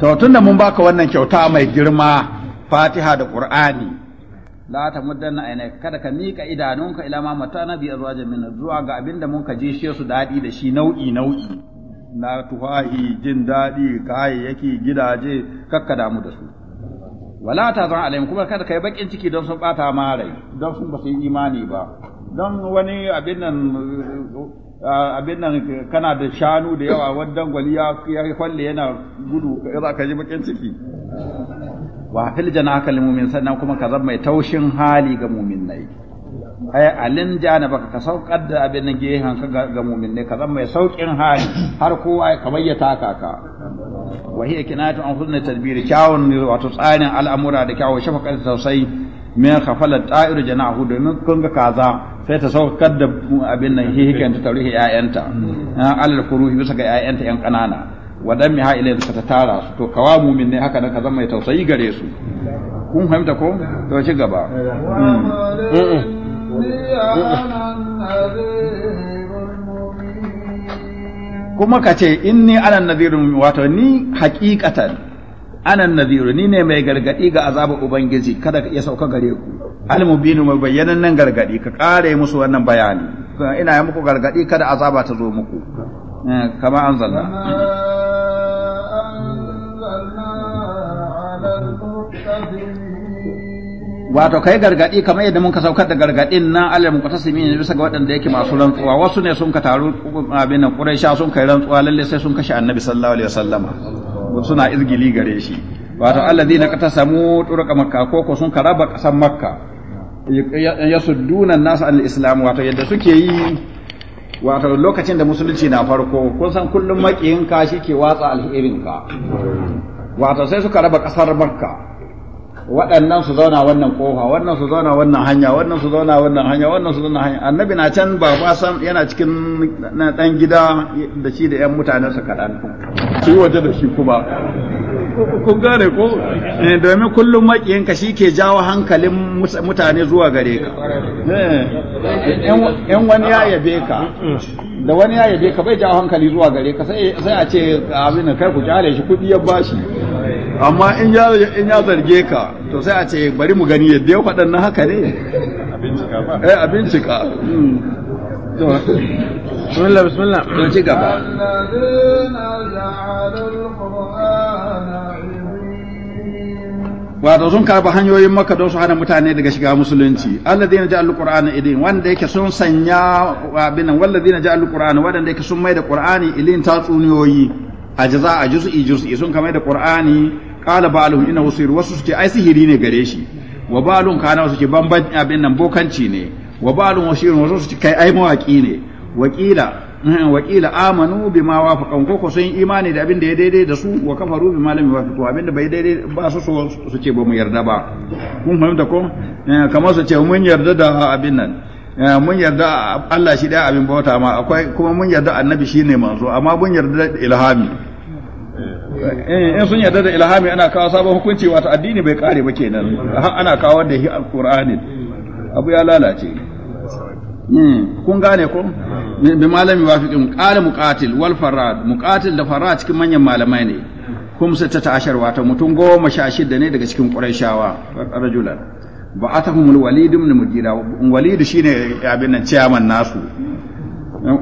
to tunda mun baka wannan kyauta mai girma fatiha da qur'ani la ta muddana aina kada ka mika idanunka ila ma matana bi azwajin min zuwa ga abinda mun ka shi su dadi da shi nau'i nau'i na tufahi jin daɗi, kayayyaki gidaje kakka damu da su wala ta zan kuma kada kai bakin ciki don sun bata ma rai don sun ba su yi imani ba don wani abin nan Ah, abin nan kana da shanu da yawa wadan gwali ya kwalle yana gudu za ka ji bakin ciki wa fil janaka lil mu'min sannan kuma ka zama mai taushin hali ga mu'minai ay alin jana baka ka saukar da abin nan gehen ka ga mu'minai ka zama mai saukin hali har kowa ka bayyata ka. wa hiya kinatu an husna tadbir kyawun wato tsarin al'amura da kyawun shafaqar sosai min khafala ta'iru janahu domin kun ga kaza sai ta saukar da abin nan shi hikan ta tauri ƴaƴanta mm. ah, alal kuruhi bisa ga 'ya'yanta yan kanana. wa dan miha ilai suka ta tara su to kawa mumin ne haka nan ka zama mai tausayi gare su kun fahimta ko to ci gaba mm. Mm. kuma ka ce inni anan nadirun wato ni haƙiƙatan anan nadhiru ni ne mai gargadi ga Azabu ubangiji kada ya sauka gare ku almubinu mai bayyanan nan gargadi ka kare musu wannan bayani ina yi muku gargadi kada azaba ta zo muku eh, kama anzalna wato kai gargadi kamar yadda mun ka saukar da gargadin na alal mun kwatasimi ne bisa ga waɗanda yake masu rantsuwa wasu ne sun ka taru abin nan Quraisha sun kai rantsuwa lalle sai sun kashe Annabi sallallahu alaihi wasallama suna izgili gare shi wato kata samu turka makka ko ko sun karaba kasan makka yasudduna an nasu al-islam wato yadda suke yi wato lokacin da musulunci na farko kun san kullum makiyin ka shike watsa alherin ka wato sai suka raba kasar makka waɗannan su zauna wannan kofa wannan su zauna wannan hanya wannan su zauna wannan hanya wannan su zauna hanya annabi na can ba ba san yana cikin na dan gida da shi da ƴan mutanen su kaɗan su waje da shi kuma kun gane ko eh, domin kullum makiyin ka ke jawo hankalin mutane zuwa gare ka eh, in wani ya yabe ka da wani ya yabe ka bai jawo hankali zuwa gare ka sai a ce abin kai ku jale shi kuɗi ya bashi amma in ya zarge ka to sai a ce bari mu gani yadda ya faɗa na haka ne a bincika ba eh, hmm. bismillah to ci gaba wato sun karba hanyoyin maka don su hana mutane daga shiga musulunci alladhina ja'alul qur'ana idin wanda yake sun sanya abinan walladhina ja'alul qur'ana wanda yake sun mai da qur'ani ilin tatsuniyoyi a jaza a juz'i juz'i sun kamar da qur'ani qala ina innahu sihir wasu suke ai sihiri ne gare shi wa ba'alun kana wasu ce banban abin nan bokanci ne wa ba'alun washirun wasu suke kai ai mawaki ne wakila eh, wakila amanu bima wafaqan ko sun imani da abin da ya daidai da su wa kafaru bima lam yuwafiqu abin da bai daidai ba su so su ce ba mu yarda ba kun fahimta ko eh, kamar su ce mun yarda da abin nan eh, mun yarda Allah shi da abin bauta ma akwai kuma mun yarda annabi shine manzo amma mun yarda ilhami Eh, in sun yarda da ilhami ana kawo sabon hukunci wata addini bai kare ba kenan ana kawo da alqur'ani abu ya lalace hmm, kun gane ko bi malami wa fiqin qala muqatil wal farad muqatil da farad cikin manyan malamai ne sai ta ta'ashar wata mutum goma sha shida ne daga cikin qurayshawa rajulan ba'athahum al walid ibn mugira walid shine abin nan ciyaman nasu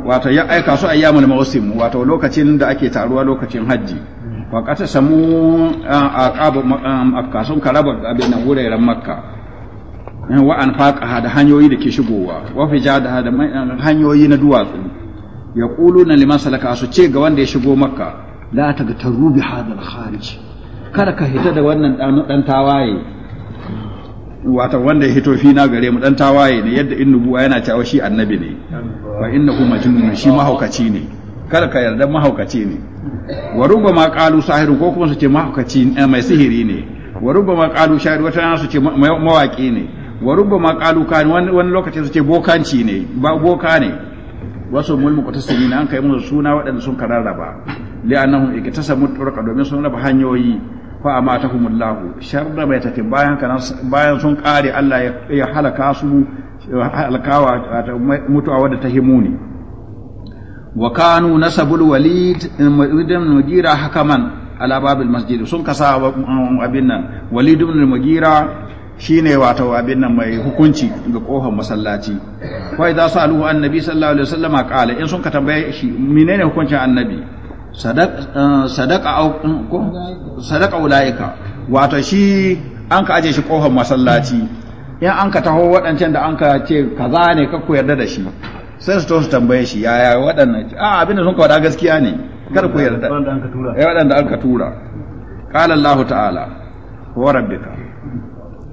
wato ya aika su ayyamul mawsim wato lokacin da ake taruwa lokacin hajji Waƙasa samu samu aqabu makka sun karaba abin nan wuraren makka wa an da hanyoyi da ke shigowa wa fi da hanyoyi na duwatsu Ya na liman salaka su ce ga wanda ya shigo makka la tagtaru bi hadal kharij kada ka hita da wannan dan tawaye wata wanda ya hito fina gare mu dan tawaye ne yadda in nubuwa yana cewa shi annabi ne fa innahu majnun shi mahaukaci ne kada ka yarda mahaukaci ne wa rubama qalu sahiru ko kuma su ce mahaukaci eh, mai sihiri ne wa rubama qalu shairu wata su ce mawaki ne wa rubama qalu kan wani lokacin su ce bokanci ne ba boka ne wasu mulmu ne an kai musu suna waɗanda sun li li'annahum iktasamu turqa domin sun raba hanyoyi fa amatahumullahu sharra bai tafi bayan kan bayan sun kare Allah ya halaka su halakawa mutuwa wadda ta himuni wa kanu الوليد walid ibn mugira hakaman ala babil masjid sun kasa um, abin nan walid ibn mugira shine wato abin nan mai hukunci ga kofar masallaci wa idza saluhu annabi sallallahu alaihi wasallam qala in sun ka tambaye shi menene hukuncin annabi sadaka uh, au um, ko sadaka wato shi an ka aje shi kofar masallaci in an ka waɗancan da an ce kaza ne ka da shi sai su tosu tambaye shi yaya waɗannan a abinda sun kawada gaskiya ne kar ku yarda ya waɗanda aka eh, tura qala allah ta'ala wa rabbika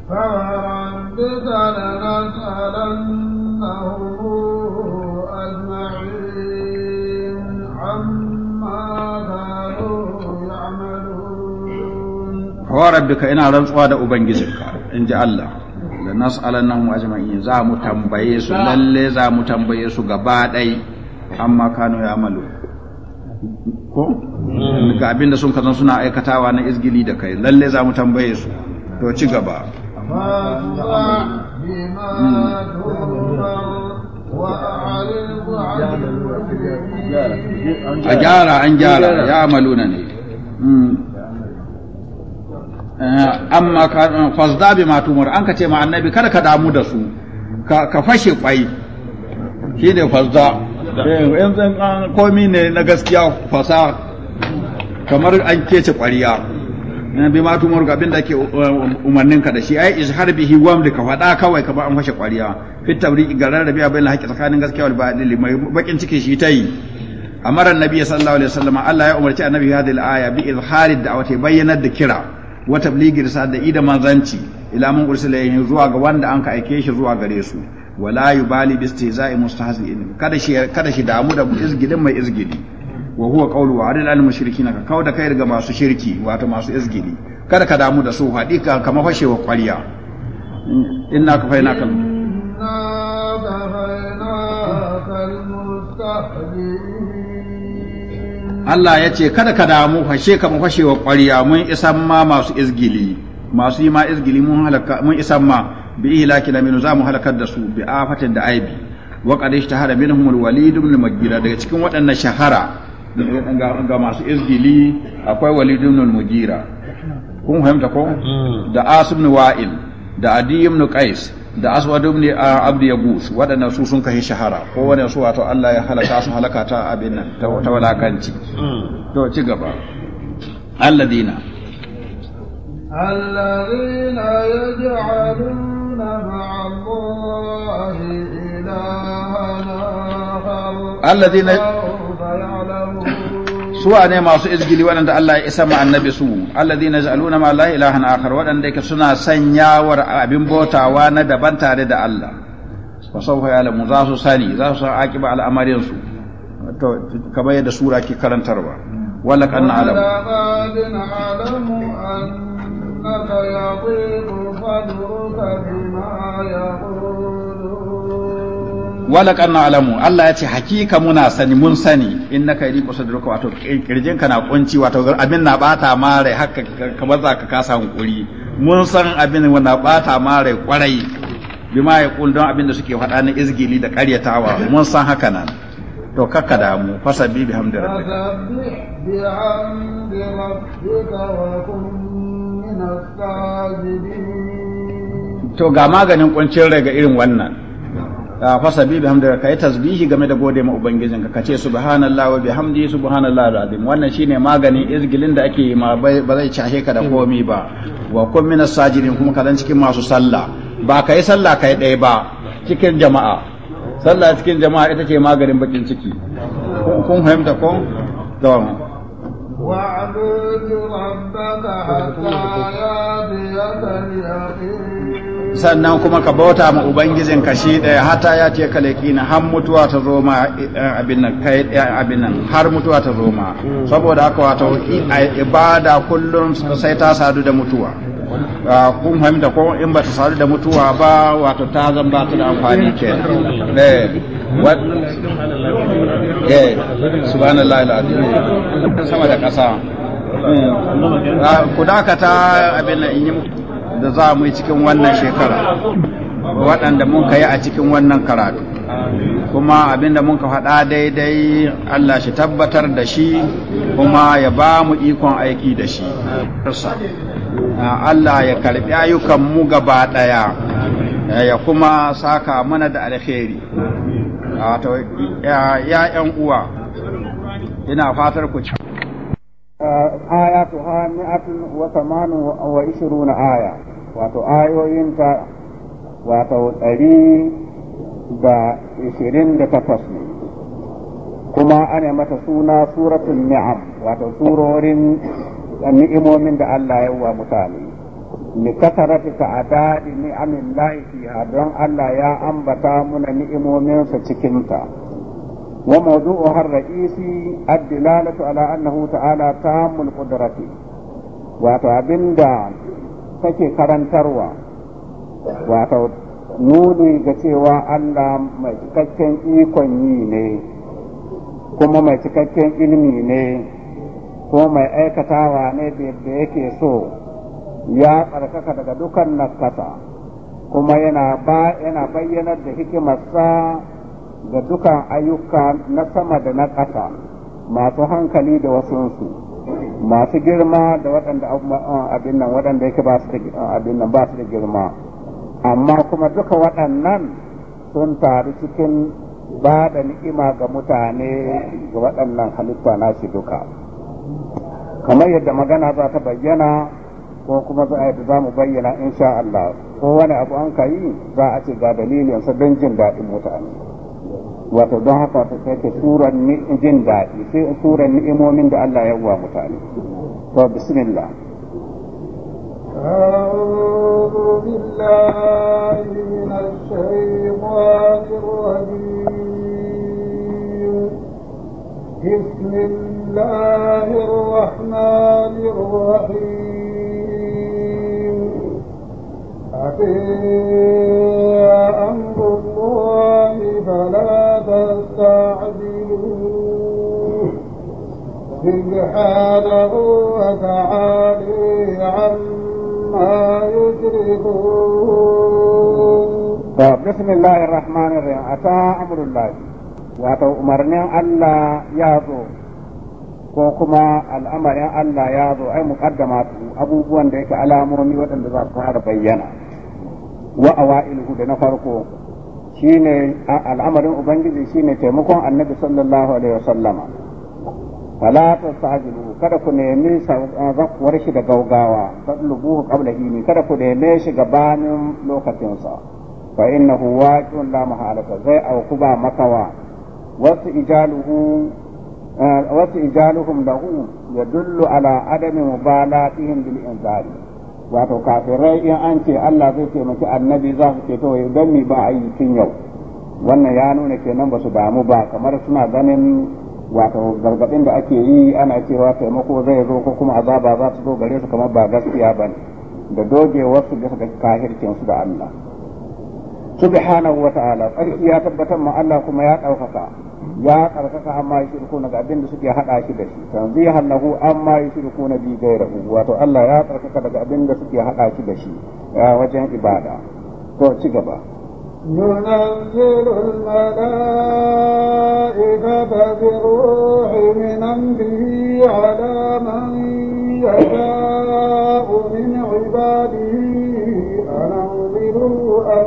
فربك لنسألنهم أجمعين عما كانوا يعملون فوربك إن رمسوا هذا أبنجزك إن جاء الله la nas'alannahum ajma'in za mu tambaye su lalle za mu tambaye su gaba ɗai amma Kano ya amalu ko ga abin da sun kazan suna aikatawa na izgili da kai lalle za mu tambaye su to ci gaba a gyara an gyara ya na ne hmm. Eh, amma fasda bi matumur an ka ce ma annabi kada ka damu da su ka fashe kwai shi ne fasda yanzu eh, an komi ne na gaskiya fasa kamar an kece kwariya eh, bi matumur ga abin da ke umarnin ka da shi ai izhar bihi wamli ka fada kawai kamar an fashe kwariya fit tabriq garar rarrabi abin da haƙi tsakanin gaskiya wal ba'dil mai bakin ciki shi ta yi amara annabi sallallahu alaihi wasallam Allah ya umarci annabi hadhihi al-aya bi izhari da'wati bayyanar da kira wa tabligi risalati da ida manzanci ila man ursila yin zuwa ga wanda an ka aike shi zuwa gare su wala yubali bi istihza'i mustahzi'in kada shi kada shi damu da izgidin mai izgidi wa huwa qawlu wa'adil al mushrikin ka kauda kai ga masu shirki wato masu izgidi kada ka damu da su haɗi ka fashewa ƙwarya inna ka faina kan inna ka faina mustahzi'in Allah ya ce kada ka damu fashe ka mu fashe wa ƙwariya mun isan ma masu izgili masu yi ma izgili mun halaka mun isan ma bi ihlaki la minu za mu halakar da su bi afatin da aibi wa qad ishtahara minhum al-walid ibn mugira daga cikin waɗannan shahara ga masu izgili akwai walid ibn mugira kun fahimta ko mm. da asim ibn wa'il da adi ibn qais da aswad ibn abd yagus wadannan su sun kai shahara ko wani su wato Allah ya halaka su halaka ta abin nan ta walakanci to ci gaba alladina alladina yaj'aluna ma'allahi ilahan alladina Suwa ne masu izgili waɗanda Allah ya isa ma annabi su alladhina yaj'aluna ma la ilahan akhar waɗanda yake suna sanyawar abin botawa na daban tare da Allah fa sawfa ya'lamu za su sani za su san akiba al'amarin su to kamar yadda sura ke karantarwa wala kan alamu annaka fadruka bima yaqulu wala na alamu Allah ya ce hakika muna sani mun sani in na kai iliku sadruka wato kirjin ka na kunci wato abin na bata mare haka kamar za ka kasa hankuri mun san abin na bata mare kwarai bima ya kun don abin da suke faɗa na izgili da ƙaryatawa mun san haka nan to kakka da mu fasabi bi da rabbika to ga maganin kuncin rai ga irin wannan Ah, fasabi bi ka yi tasbihi game da gode ma ubangijin ka kace subhanallahi wa bihamdi subhanallahi alazim wannan shine maganin izgilin da ake yi ma ba zai cahe ka da komi ba wa kun minas sajidin kuma ka zan cikin masu sallah ba ka yi sallah yi ɗaya ba cikin jama'a sallah cikin jama'a ita ce maganin bakin ciki kun fahimta ko ربك حتى ياتيك اليقين sannan kuma ka bauta ma ubangijin ka shi ɗaya hata ya ce ka na har mutuwa ta zo ma eh, eh, abin nan har mutuwa ta zo ma mm. saboda haka wato ibada kullum sai ta sadu da mutuwa Ah, kun fahimta ko in ba ta sadu da mutuwa ba wato ta zan ba ta da amfani ke eh, eh subhanallah sama da kasa hmm. ah, ku dakata abin da in yi da za mu yi cikin wannan shekara waɗanda mun ka yi a cikin wannan karatu kuma abinda mun ka faɗa daidai Allah shi tabbatar da shi kuma ya ba mu ikon aiki da shi Allah ya karɓi ayyukan mu gaba ɗaya ya kuma saka mana da alheri ya'yan uwa ina fatar ku ci wa مئة وثمان wato ɗari da ishirin da takwas ne kuma ana mata suna suratun ni'am wato surorin ni'imomin da Allah ya wa mutane ni kasarati ka adadi ni'amin laifi a don Allah ya ambata muna ni'imominsa cikinta wa mawdu'uha har raisi ad-dilalatu ala annahu ta'ala tammul qudrati wato abinda take karantarwa wato nuni ga cewa Allah mai cikakken ikon yi ne kuma mai cikakken ilimi ne ko mai aikatawa ne da yake so ya tsarkaka daga dukan nakasa kuma yana ba yana bayyanar da hikimarsa ga dukan ayyuka na sama da na ƙasa masu hankali da wasunsu masu girma da waɗanda abin nan waɗanda yake ba su da girma amma kuma duka waɗannan sun taru cikin ba da ni'ima ga mutane ga waɗannan halitta nashi duka kamar yadda magana za ta bayyana ko kuma za mu bayyana insha Allah ko wani abu an kayi za a ce ga dalilin don jin daɗin mutane wato don haka ta take suran jin daɗi sai suran ni'imomin da Allah ya wa mutane to bismillah أعوذ بالله من الشيطان الرجيم بسم الله الرحمن الرحيم أتي أمر الله فلا تستعجلوه سبحانه وتعالى عما عما bismillah ar-rahman ar-rahim ata أتى أمر ta wato umarnin Allah ya zo ko kuma al'amarin Allah ya zo ai muqaddama su abubuwan da yake alamomi waɗanda za su fara bayyana wa awailuhu da na farko shine al'amarin ubangiji shine taimakon annabi sallallahu alaihi wasallama fala tastajilu kada ku nemi zakuwar shi da gaugawa tatlubuhu qabla hini kada ku neme shi gabanin lokacin sa fa innahu waqi'un la mahalata zai auku ba makawa wasu ijaluhu wasu ijaluhum lahu yadullu ala adami mubalatihim bil inzari wato kafirai in an ce Allah zai taimaki annabi za su ce to don mi ba a yi tun yau wannan ya nuna kenan ba su damu ba kamar suna ganin wato gargadin da ake yi ana cewa taimako zai zo ko kuma azaba za su zo gare su kamar ba gaskiya ba da dogewar su bisa ga kahircin su da Allah subhanahu wa ta'ala tsarki ya tabbatar ma Allah kuma ya ɗaukaka ya karkaka amma ya shirku na abin da suke hada shi da shi tanzihan lahu amma ya shirku na bi gairahu wato Allah ya karkaka daga abin da suke hada shi da shi wajen ibada to ci gaba ينزل الملائكة بالروح من أمره على من يشاء من عباده أن أنظروا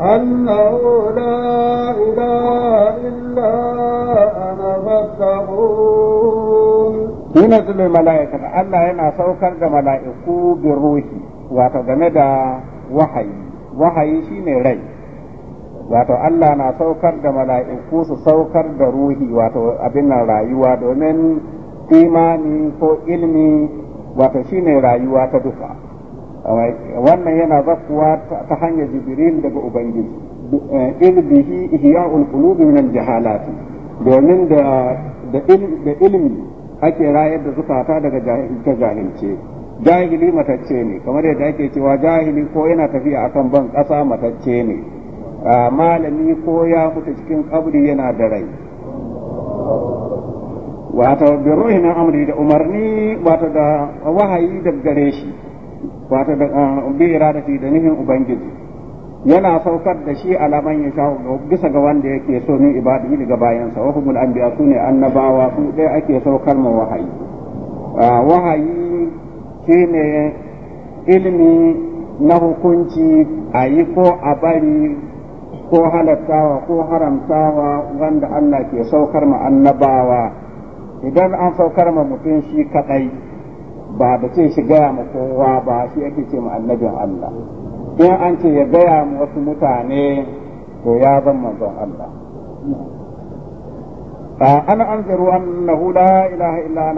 أنه لا إله أنه لا إله إلا أنا فاتقون ينزل الملائكة الله ينا سوكر ملائكو بالروح واتو game da wahayi wahayi shi ne rai wato Allah na saukar da mala'iku su saukar da ruhi wato abin rayuwa domin imani ko ilmi wato shi ne rayuwa ta duka wannan yana zafuwa ta hanyar jibril daga ubangiji eh, ilbihi ihya'ul qulubi min al domin da da ilmi ake rayar da zukata daga jahilce jahili matacce ne kamar yadda ake cewa jahili ko yana tafiya akan ban ƙasa matacce ne malami ko ya fita cikin kabri yana da rai wato bi ruhin amri da umarni wato da wahayi da gare shi wato da bi iradati da nihin ubangiji yana saukar da shi alaman ya sha bisa ga wanda yake so ne ibadi daga bayansa wa humul anbiya ne, annabawa su dai ake saukar ma wahayi wahayi shine ilimi na hukunci a yi ko a bari ko halattawa ko haramtawa wanda Allah ke saukar ma annabawa idan an saukar ma mutum shi kadai ba da ce shi gaya ma kowa ba shi ake ce ma annabin Allah in an ce ya gaya ma wasu mutane to ya zan Allah ana an tsaro annahu la ilaha illa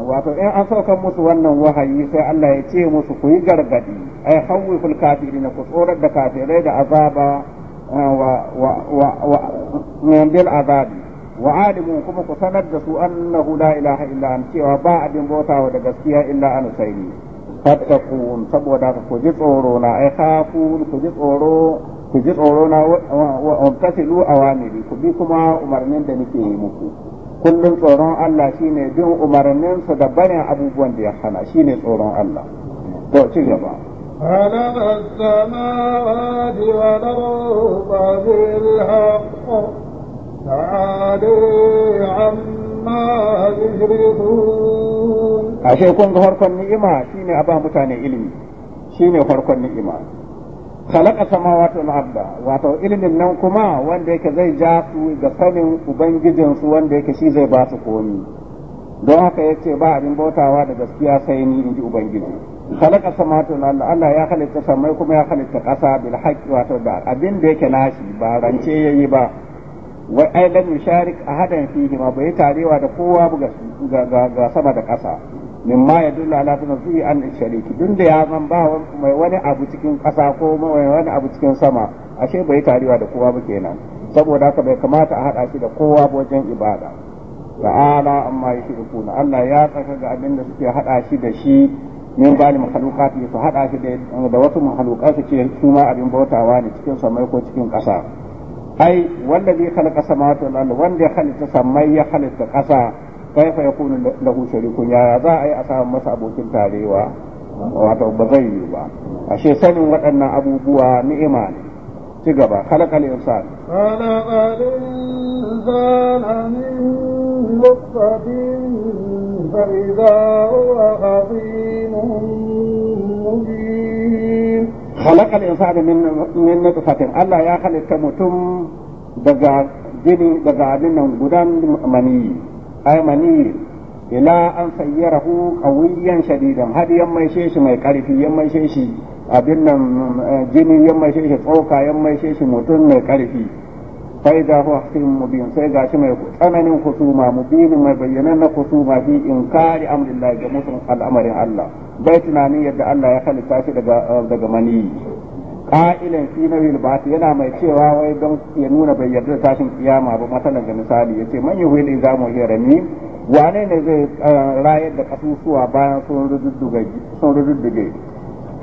wato in an saukan musu wannan wahayi sai Allah ya ce musu ku yi gargadi ay khawful na ku tsorar da kafirai da azaba wa wa wa azabi wa adimu kuma ku sanar da su an la ilaha illa an cewa ba abin bautawa da gaskiya illa an sai fattakun saboda ku ji tsoro na ai hafu ku ji tsoro ku ji tsoro na wani bi ku bi kuma umarnin da nake yi muku kullum tsoron Allah shine bin umarnin su da barin abubuwan da ya hana shine tsoron Allah to ci gaba السماوات والأرض بالحق تعالي عما يشركون ashe kun ga farkon ni'ima ne a ba mutane ilimi shine farkon ni'ima khalaqa samawati arda wato ilimin nan kuma wanda yake zai ja su ga sanin ubangijin su wanda yake shi zai ba su komi don haka yace ba abin bautawa da gaskiya sai ni inji ubangiji khalaqa samawati arda Allah ya halitta samai kuma ya halitta kasa bil haqqi wato da abin da yake nashi ba rance yayi ba wa aidan musharik ahadan fihi ma bai tarewa da kowa ga ga sama da kasa ma ya dula ala tanzihi an shariki duk da ya zan ba mai wani abu cikin ƙasa ko mai wani abu cikin sama ashe bai tarewa da kowa ba kenan saboda haka bai kamata a haɗa shi da kowa ba wajen ibada ta'ala amma ya yushrikuna Allah ya tsaka ga abin da suke haɗa shi da shi min ba ni mahalukat su haɗa shi da wasu mahalukat su ce su ma abin bautawa ne cikin samai ko cikin kasa. ai wanda zai wanda ya halitta samai ya halitta kasa. kaifa yakunu lahu sharikun ya za a yi a samu masa abokin tarewa wato ba zai yi ba ashe sanin waɗannan abubuwa ni'ima ne ci gaba khalaqal insan khalaqal insan min min Allah ya halitta mutum daga jini daga abin nan gudan maniyi aimani ila an sayyarahu qawiyan shadidan har yan mai shi mai karfi yan mai shi abin nan eh, jini yan mai shi tsoka yan mai shi mutum mai karfi sai da huwa fi mubin sai shi mai tsananin kusuma mubin mai bayyana na kusuma in kari amrillahi ga mutum al'amarin Allah bai tunanin yadda Allah ya halitta shi daga eh, daga maniyi ƙa'ilin fi na ba'th yana mai cewa wai don ya nuna bai yarda tashin kiyama ba masalan ga misali yace man za mu hi rami wane ne zai eh, rayar da kasusuwa bayan sun rududduge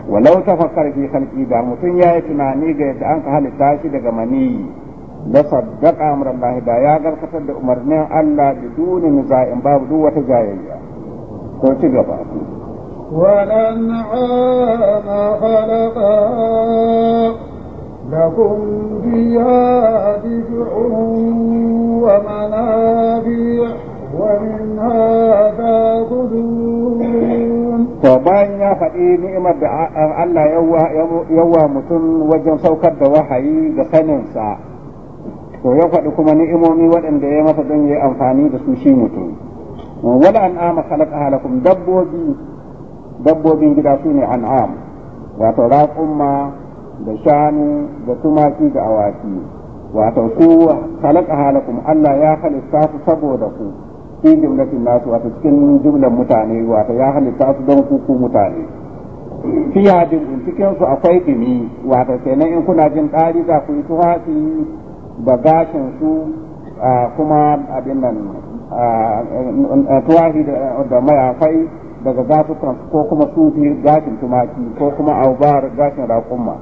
walau ta walau fi khalqi da ya yayi tunani ga yadda an ka halitta shi daga maniyi na saddaqa amrallahi da ya garkatar da umarnin Allah biduni za'in babu duk wata jayayya ko ci gaba والأنعام خلقها لكم فيها دفع ومنافع ومنها تأكلون وبان يا فدي نعمة الله يوا يوا متن وجن سوكر da wahayi da saninsa to ya faɗi kuma ni'imomi waɗanda ya masa don ya amfani da su shi mutum wala an ama khalaqa lakum dabbobi dabbobin gida su ne an'am wato raƙumma da shanu da tumaki da awaki wato ku halaka halakum Allah ya halitta su saboda ku fi jumlatin nasu wato cikin jumlan mutane wato ya halitta su don ku ku mutane fiya dimin cikin su akwai dimi, wato kenan in kuna jin ɗari za ku yi tuhafi da gashin su kuma abin nan tuhafi da mayafai daga gatukan ko kuma sufi gashin tumaki ko kuma aubar gashin rakunma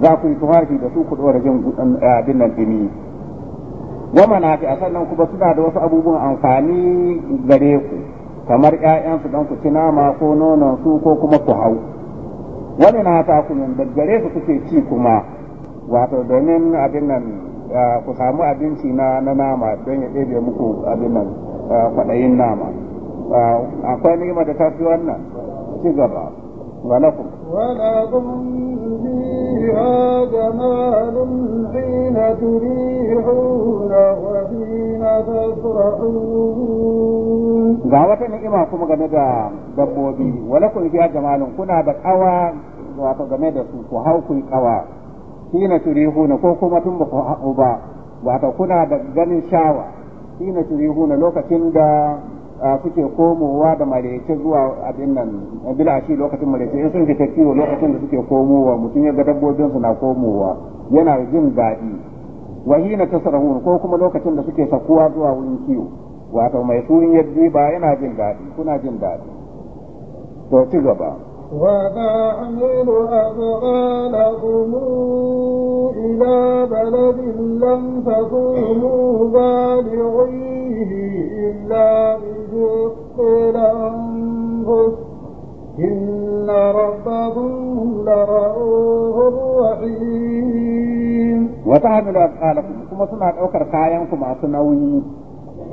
za ku yi tumaki da su ku ɗora jin eh, abin nan ɗini wa manafi a sannan kuma suna da wasu abubuwan amfani gare ku kamar ƴaƴansu don ku ci nama ko nonon su ko kuma ku hau wani na ta ku da gare su kuke ci kuma wato domin abin nan eh, ku samu abinci na nama don ya ɗebe muku abin nan eh, kwaɗayin nama Ah, akwai ni'ima da tafi wannan ci gaba ولكم ولكم فيها جمال حين تريحون وحين تسرحون ga wata ni'ima kuma game da dabbobi walakun fiya jamalun kuna da kawa wato game da su ku hau ku kawa hina turihuna ko kuma tun ba ku hau ba wato kuna da ganin shawa hina turihuna lokacin da suke komowa da marece zuwa abin nan bila shi lokacin marece in sun fita kiwo lokacin da suke komowa mutum ya ga dabbobin su na komowa yana jin daɗi wahina tasrahun ko kuma lokacin da suke sakuwa zuwa wurin kiwo wato mai surin yadda ba yana jin daɗi kuna jin daɗi to ci gaba ونعمل أثقالكم إلى بلد لم تكونوا بالغيه إلا بشق الأنفس إن ربكم لرؤوف رحيم وتحمل أثقالكم ثم سمعت أوكر كايانكم أصنعوني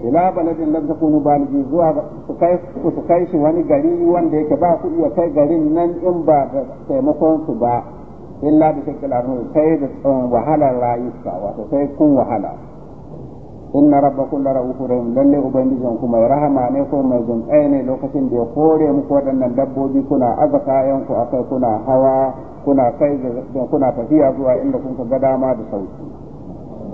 ila baladin lam takunu baligi zuwa su kai su kai shi wani gari wanda yake ba ku iya kai garin nan in ba da taimakon su ba illa da shakil arnu sai da wahalar rayuka wato sai kun wahala inna rabbakum la rahufur rahim lalle ubangijin ku mai rahama ne ko mai jinkai ne lokacin da ya kore muku waɗannan dabbobi kuna aza kayanku ku akai kuna hawa kuna kai kuna tafiya zuwa inda kun ga dama da sauki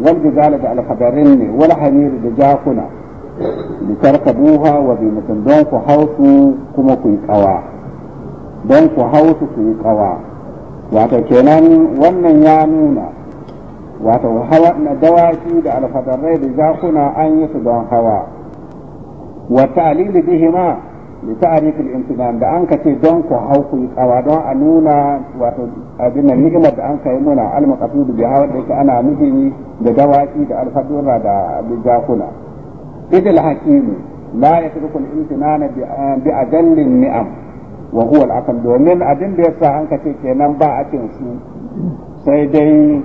wal jibala da alhabarin ne wal hamir da jakuna bi tarkabuha wa mutum don ku hausu kuma kuyi ƙawa. don ku hausu ku yi kawa wato kenan wannan ya nuna Wata hawa na dawaki da alfadarrai da jakuna an yi su don hawa wa ta'lili bihima li ta'rif al da an kace don ku hau ku don a nuna wato abin nan ni'imar da an kai muna al-maqsud bi hawa da yake ana nufin da dawaki da alfadura da bijakuna idil hakim la yatruku al na bi ajallin ni'am wa huwa al-aql domin abin da yasa an kace kenan ba a cin su sai dai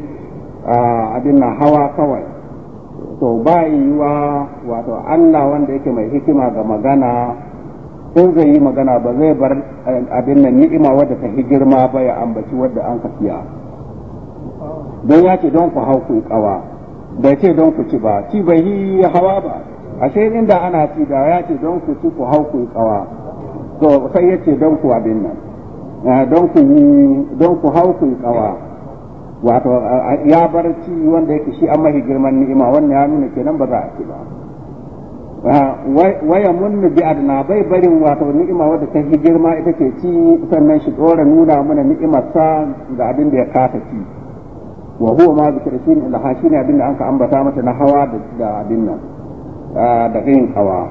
abin nan hawa kawai to ba yiwa wato Allah wanda yake mai hikima ga magana in zai yi magana ba zai bar eh, abin nan ni'ima wadda ta fi girma ba ya ambaci wadda an ka siya don ya ce don ku hau ku kawa bai ce don ku ci ba ci bai yi hawa ba ashe inda ana ci da ya ce don ku ci ku hau ku kawa to sai ya ce don ku abin nan eh, don ku don ku hau ku kawa wato eh, ya bar ci wanda yake shi an mahi girman ni'ima wannan ya nuna kenan ba za a ci ba waya munnu bi adna bai barin wato ni'ima wadda ta fi girma ita ke ci sannan shi dora nuna mana sa ga abin da ya kasa ci wa huwa ma bi shin ila hashin abin da anka ambata mata na hawa da abin nan da kayin kawa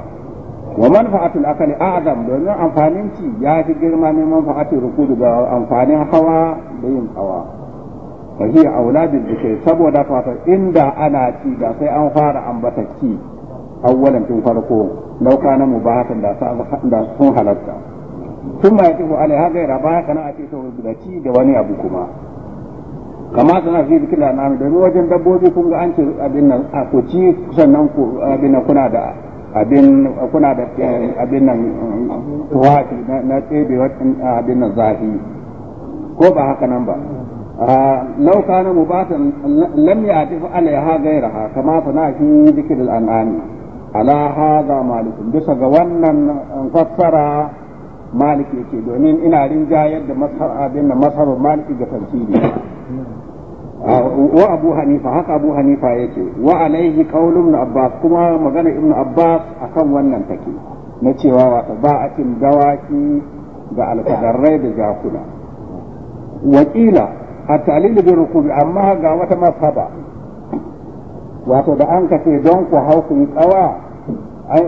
wa manfa'atul akali a'zam domin amfanin ci ya fi girma ne manfa'atul rukudu ga amfanin hawa da yin kawa fa hiya auladul zikr saboda fata inda ana ci da sai an fara ambata ci awwalan tun farko lauka na mubahakan da da sun halatta sun ma yake ko alai haka ya baya kana a ce da ci da wani abu kuma kama suna fi bikin da nami domin wajen dabbobi kun ga an ce abin nan a ko ci sannan ko abin nan kuna da abin kuna da eh, abin nan tuwafi na tsebe abin nan zafi ko ba haka nan ba لو كان مباتا لم يعتف عليها غيرها كما تنافي ذكر الأنعام ala hada malikin bisa ga wannan eh, fassara malik yake domin ina rinjayar da masar abin da masar malik ga tafsiri hmm. ah, wa abu hanifa haka abu hanifa yake wa alaihi qaulun abbas kuma magana ibnu abbas akan wannan take na cewa wata ba a cin dawaki ga alfadarrai da jakuna wakila a talil rukubi amma ga wata masaba wato da an ka don ku hau ku yi tsawa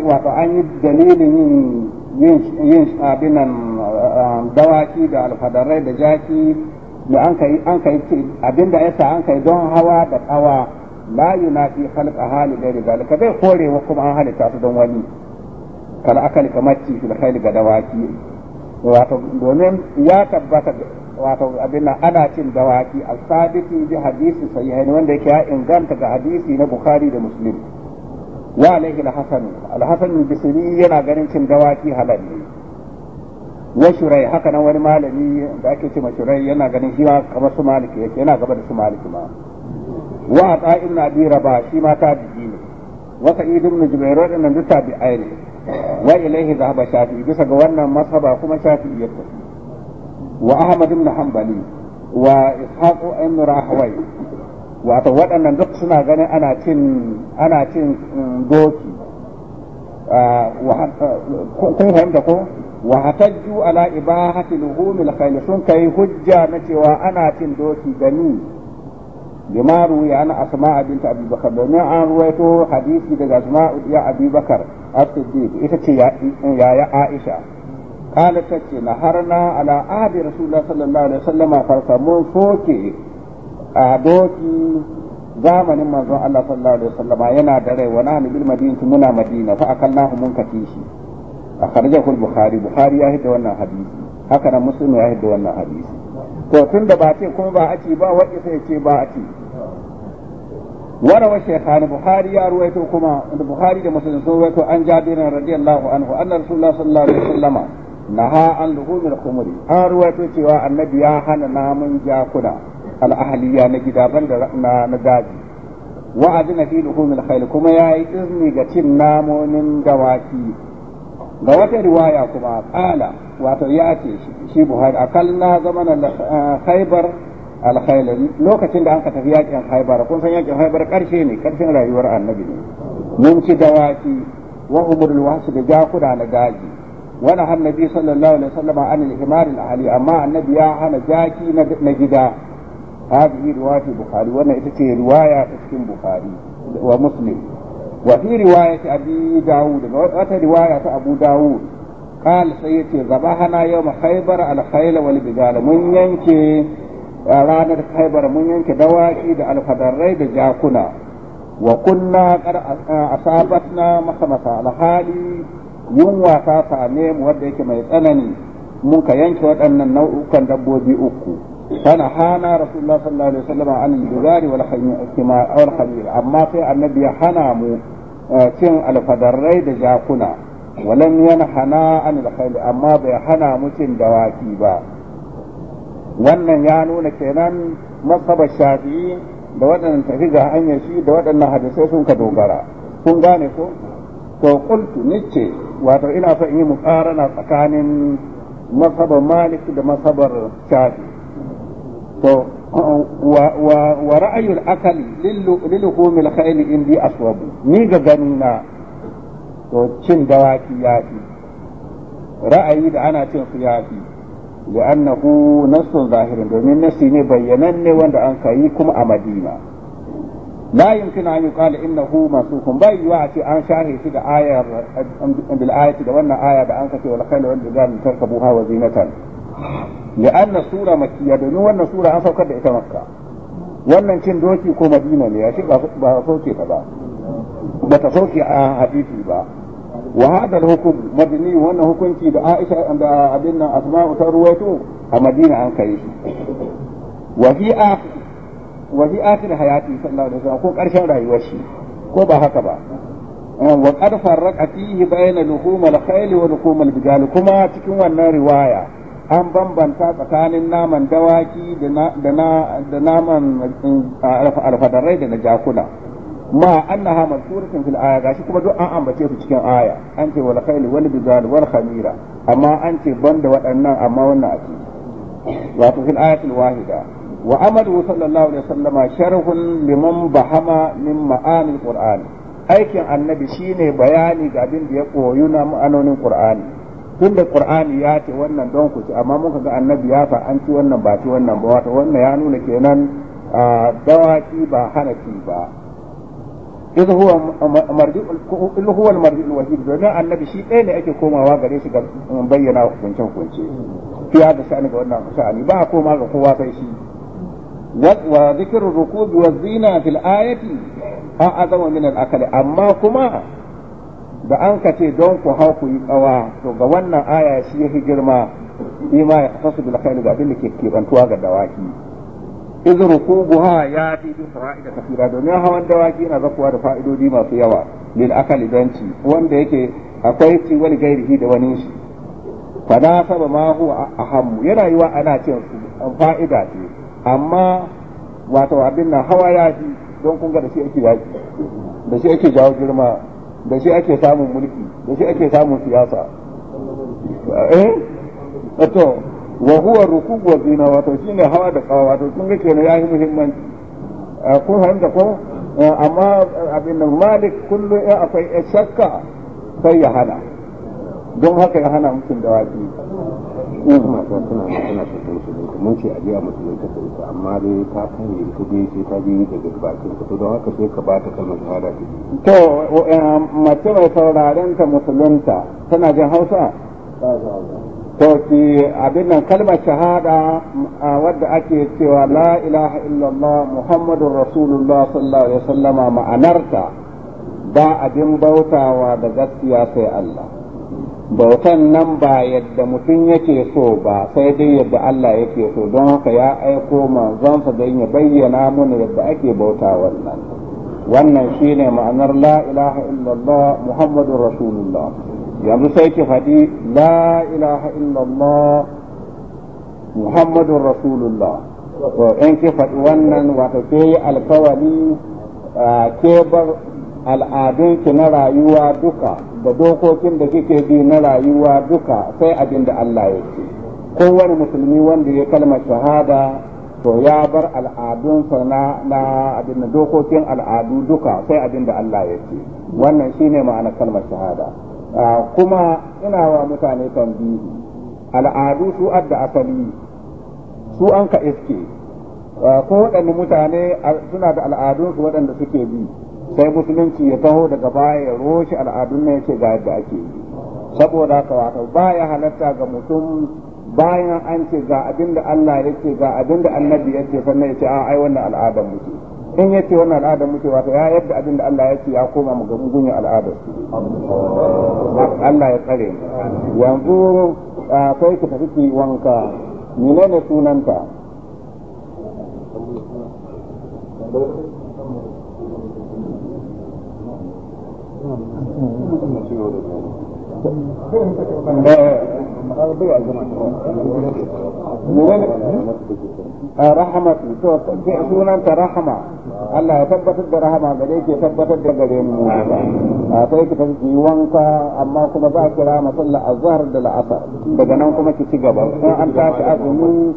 wato an yi dalilin yin yin abinan ah, dawaki da alfadarai da jaki da an kai an kai abinda yasa an kai don hawa da tsawa la yunafi khalqa hali gairi zalika bai korewa kuma an halitta su don wani kala akali kamar ci fil khayli ga dawaki wato domin ya tabbata wato abin nan ana cin dawaki a sabiti bi hadisi sahihaini wanda yake ya inganta ga hadisi na bukhari da muslim wa alaihi al-hasan al-hasan bisri yana ganin cin dawaki halal ne wa shurai haka nan wani malami da ake cewa shurai yana ganin shi kamar su maliki yake yana gaba da su maliki ma wa ata ibn abi raba shi ma ta ne wa sa'id ibn jubair nan duk tabi'ai ne wa ilaihi zahaba shafi'i bisa ga wannan masaba kuma shafi'i yake wa Ahmad ibn Hanbali wa Ishaq ibn Rahawai wato waɗannan duk suna ganin ana cin ana cin mm, doki ah, ah, kun fahimta ko wa hatajju ala ibahati luhum al sun kai hujja na cewa ana cin doki gani bima ruwiya ana asma bint abi bakar domin an ruwaito hadisi daga asma'u ya abi bakar as-siddiq ita ce yaya aisha kala ta ce na har na ala ahadi rasulullah sallallahu alaihi wasallama farka mun soke a doki zamanin manzon Allah sallallahu alaihi wasallama yana da rai wa nahnu bil madinati muna madina fa akallahu mun kace a akhrajahu al-bukhari bukhari ya hidda wannan hadisi haka nan muslim ya hidda wannan hadisi to tunda ba ce kuma ba a ci ba wanda sai ce ba a ce وروى الشيخان البخاري رويته كما البخاري ومسلم رويته عن جابر رضي الله عنه ان رسول الله صلى الله عليه وسلم naha an luhumil khumuri an ruwaito cewa annabi ya hana namun jakuna al'ahaliya na gida ban da na daji wa azina fi luhumil khayl kuma yayi izini ga cin namonin dawaki ga wata riwaya kuma qala wato ya ce shi buhari na zamanan khaybar alkhayl lokacin da aka tafi yakin khaybar kun san yakin khaybar karshe ne karshen rayuwar annabi ne mun ci dawaki wa umrul wasu da jakuna na daji wani annabi nabi sallallahu alaihi wasallam an al-himar al amma annabi ya hana jaki na gida هذه رواية البخاري وانا اتتي رواية تسكن بخاري ومسلم وفي رواية أبي داود وفي رواية أبو داود قال سيتي ذبحنا يوم خيبر الخيل والبغال من ينكي ranar haibar mun yanke dawaki da alfadarrai da jakuna wa kunna qad asabatna makamasa alhali yunwa ta same mu wadda yake mai tsanani mun ka yanke waɗannan nau'ukan dabbobi uku kana hana rasulullah sallallahu alaihi wasallam an al wal amma sai annabi ya hana mu eh, cin alfadarrai da jakuna walam yanhana an al amma bai hana mu cin dawaki ba wannan ya nuna kenan masaba shafi da waɗannan tafi ga hanyar shi da waɗannan hadisai sun ka dogara kun gane ko to qultu nice wato ina so in yi mukarana tsakanin mazhabar malik da masabar shafi to wa wa ra'ayul akali lil khayl indi aswabu ni ga gani na to cin dawaki yafi ra'ayi da ana cin su yafi لأنه نص ظاهر domin nasi ne bayyananne wanda an kayi kuma a Madina la yumkinu an yuqala innahu masukun bai yiwa a ce an shahe shi da ayar bil ayati da wannan aya da an kace wal khayla wal jibala tarkabuha wa zinatan li anna sura makkiya domin wannan sura an saukar da ita makka wannan cin doki ko madina ne ya shi ba sauke ta ba ba ta sauke a hadisi ba da Aisha da abin nan ta a Madina an kai wa fi akhir hayati sallallahu alaihi wasallam ko karshen rayuwar shi ko ba haka ba eh, wa qad farraqa fihi bayna luhum al-khayl wa luhum al-bijal kuma cikin wannan riwaya an bambanta tsakanin naman dawaki da naman eh, alfadarai da na jakuna ma annaha mazkuratun fil aya gashi kuma duk an ambace su cikin aya an ce wal khayl wal bizal wal khamira amma an ce banda waɗannan amma wannan ake wato fil ayatil wahida wa amadu sallallahu alaihi wasallama sharhun liman bahama min ma'anil qur'an aikin annabi shine bayani ga abin da ya koyu na ma'anonin qur'ani da qur'ani ya ce wannan don ku ci amma muka ga annabi ya fa an ci wannan ba ci wannan ba wato wannan ya nuna kenan dawaki ba hanafi ba إذا don annabi shi ɗaya ne ake komawa gare shi ga bayyana hukuncin وغيره fiya da وكنشان ga wannan هذا ba a koma ga kowa sai shi. وذكر الركوب والزينة في الآية أعظم من الأكل أما كما da an ka ce don ku hau ku yi kawa to ga wannan aya shi ya fi girma ima ya tasu bil khairu ga abin da ke kebantuwa ga dawaki iz rukubuha ya fi bi fara'ida kafira domin hawan dawaki yana zakuwa da fa'idodi masu yawa lil akali danci wanda yake akwai ci wani gairihi da wani shi fa na saba ma ahammu yana yiwa ana cin su fa'ida ce amma wato abin na hawa ya fi don kun ga da shi ake yaki da shi ake jawo girma da shi ake samun mulki da shi ake samun siyasa eh to wa huwa rukub wa zina wato shine hawa da kawa wato kun ga kenan yayi muhimmanci eh, kun fahimta ko eh, amma abin nan malik kullum ya akwai shakka sai ya hana don haka ya hana mutum dawaki mata tana na tana ta musulunta mun ce a biya musulunta ta ita amma dai ta kanye ita dai sai ta biyu daga bakin ta don haka sai ka bata kalmar shahada ta to mace mai sauraren ta musulunta tana jin hausa to ki abin nan kalmar shahada wadda eh, eh, ake cewa la ilaha illallah muhammadur rasulullah sallallahu alaihi wasallama ma'anarta ba abin bautawa da gaskiya sai Allah bautan nan ba yadda mutum yake so ba sai dai yadda Allah yake so don haka ya aiko manzonsa don ya bayyana mana yadda ake bauta wannan wannan shine ma'anar la ilaha illallah muhammadun rasulullah yanzu sai ki faɗi la ilaha illallah muhammadun rasulullah to in ki faɗi wannan wata ke yi alkawali ke bar al'adunki na rayuwa duka da dokokin da kike bi na rayuwa duka sai abin da Allah ya ce kowane musulmi wanda ya kalma shahada to ya bar al'adunsa na na abin dokokin al'adu duka sai abin da Allah ya ce wannan shine ma'ana kalmar shahada ah, kuma ina wa mutane tambihi al'adu su adda asali su an ka iske ah, ko waɗanda mutane ah, suna da al'adunsu waɗanda suke bi sai musulunci ya taho daga baya ya roshi al'adun na yace ga yadda ake yi saboda haka wato baya halatta ga mutum bayan an ce ga abin da Allah ya ce ga abin da annabi ya ce sannan ya ce a ai wannan al'adar muke in ya wannan al'adar muke wato ya yadda abin da Allah ya ce ya koma mu ga mugunyar al'adar su Allah ya tsare mu yanzu kai ki tafi ki wanka menene sunanta rahama to ke sunan ta rahama Allah ya tabbatar da rahama da yake tabbatar da gare mu a sai ki tafi wanka amma kuma za ki rama sallah azhar da al'asr daga nan kuma ki ci gaba an ta azumi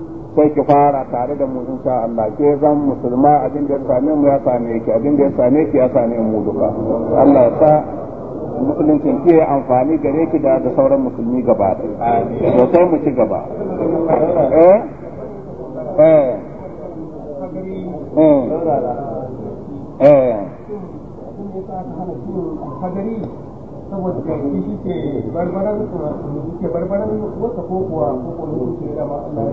ki fara tare da mu insha Allah ke zan musulma abin da ya same mu ya same ki abin da ya same ki ya same mu duka Allah ya sa musuluncin ke amfani gare ki da da sauran musulmi gaba ɗaya sai mu ci gaba eh eh eh eh saboda shi ke barbaran ke barbaran wata ko kuwa ko ko ne su Allah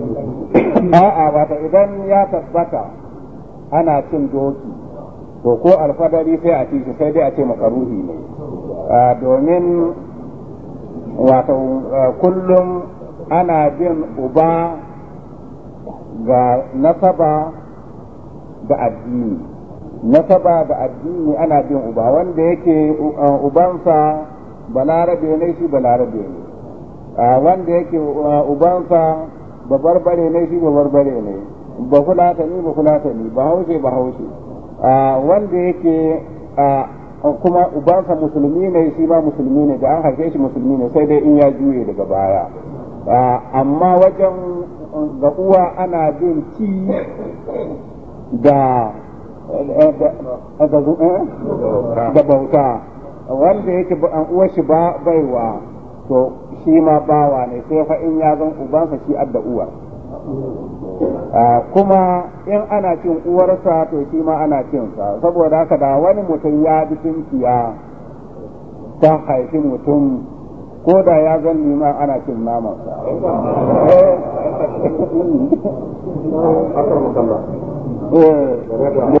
ya a'a idan ya tabbata ana cin doki to ko alfadari sai a ci shi sai dai a ce makaruhi ne domin wato kullum ana bin uba ga nasaba da addini nasaba da addini ana bin uba wanda yake uh, ubansa balarabe ne shi balarabe ne uh, wanda yake uh, ubansa babarbare ne shi babarbare ne ba kulata ni ba kulata ni ba haushe ba haushe wanda yake kuma ubansa musulmi ne shi ma musulmi ne da an haife shi musulmi ne sai dai in ya juye daga baya amma wajen ga uwa ana bin ci da da bauta wanda yake shi ba baiwa to shi ma bawa ne sai fa in ya zan ubansa shi adda uwa kuma in ana cin uwarsa to shi ma ana sa saboda haka da wani mutum ya bi tunkiya ta haifi mutum ko da ya zan nima ana cin naman eh. eh.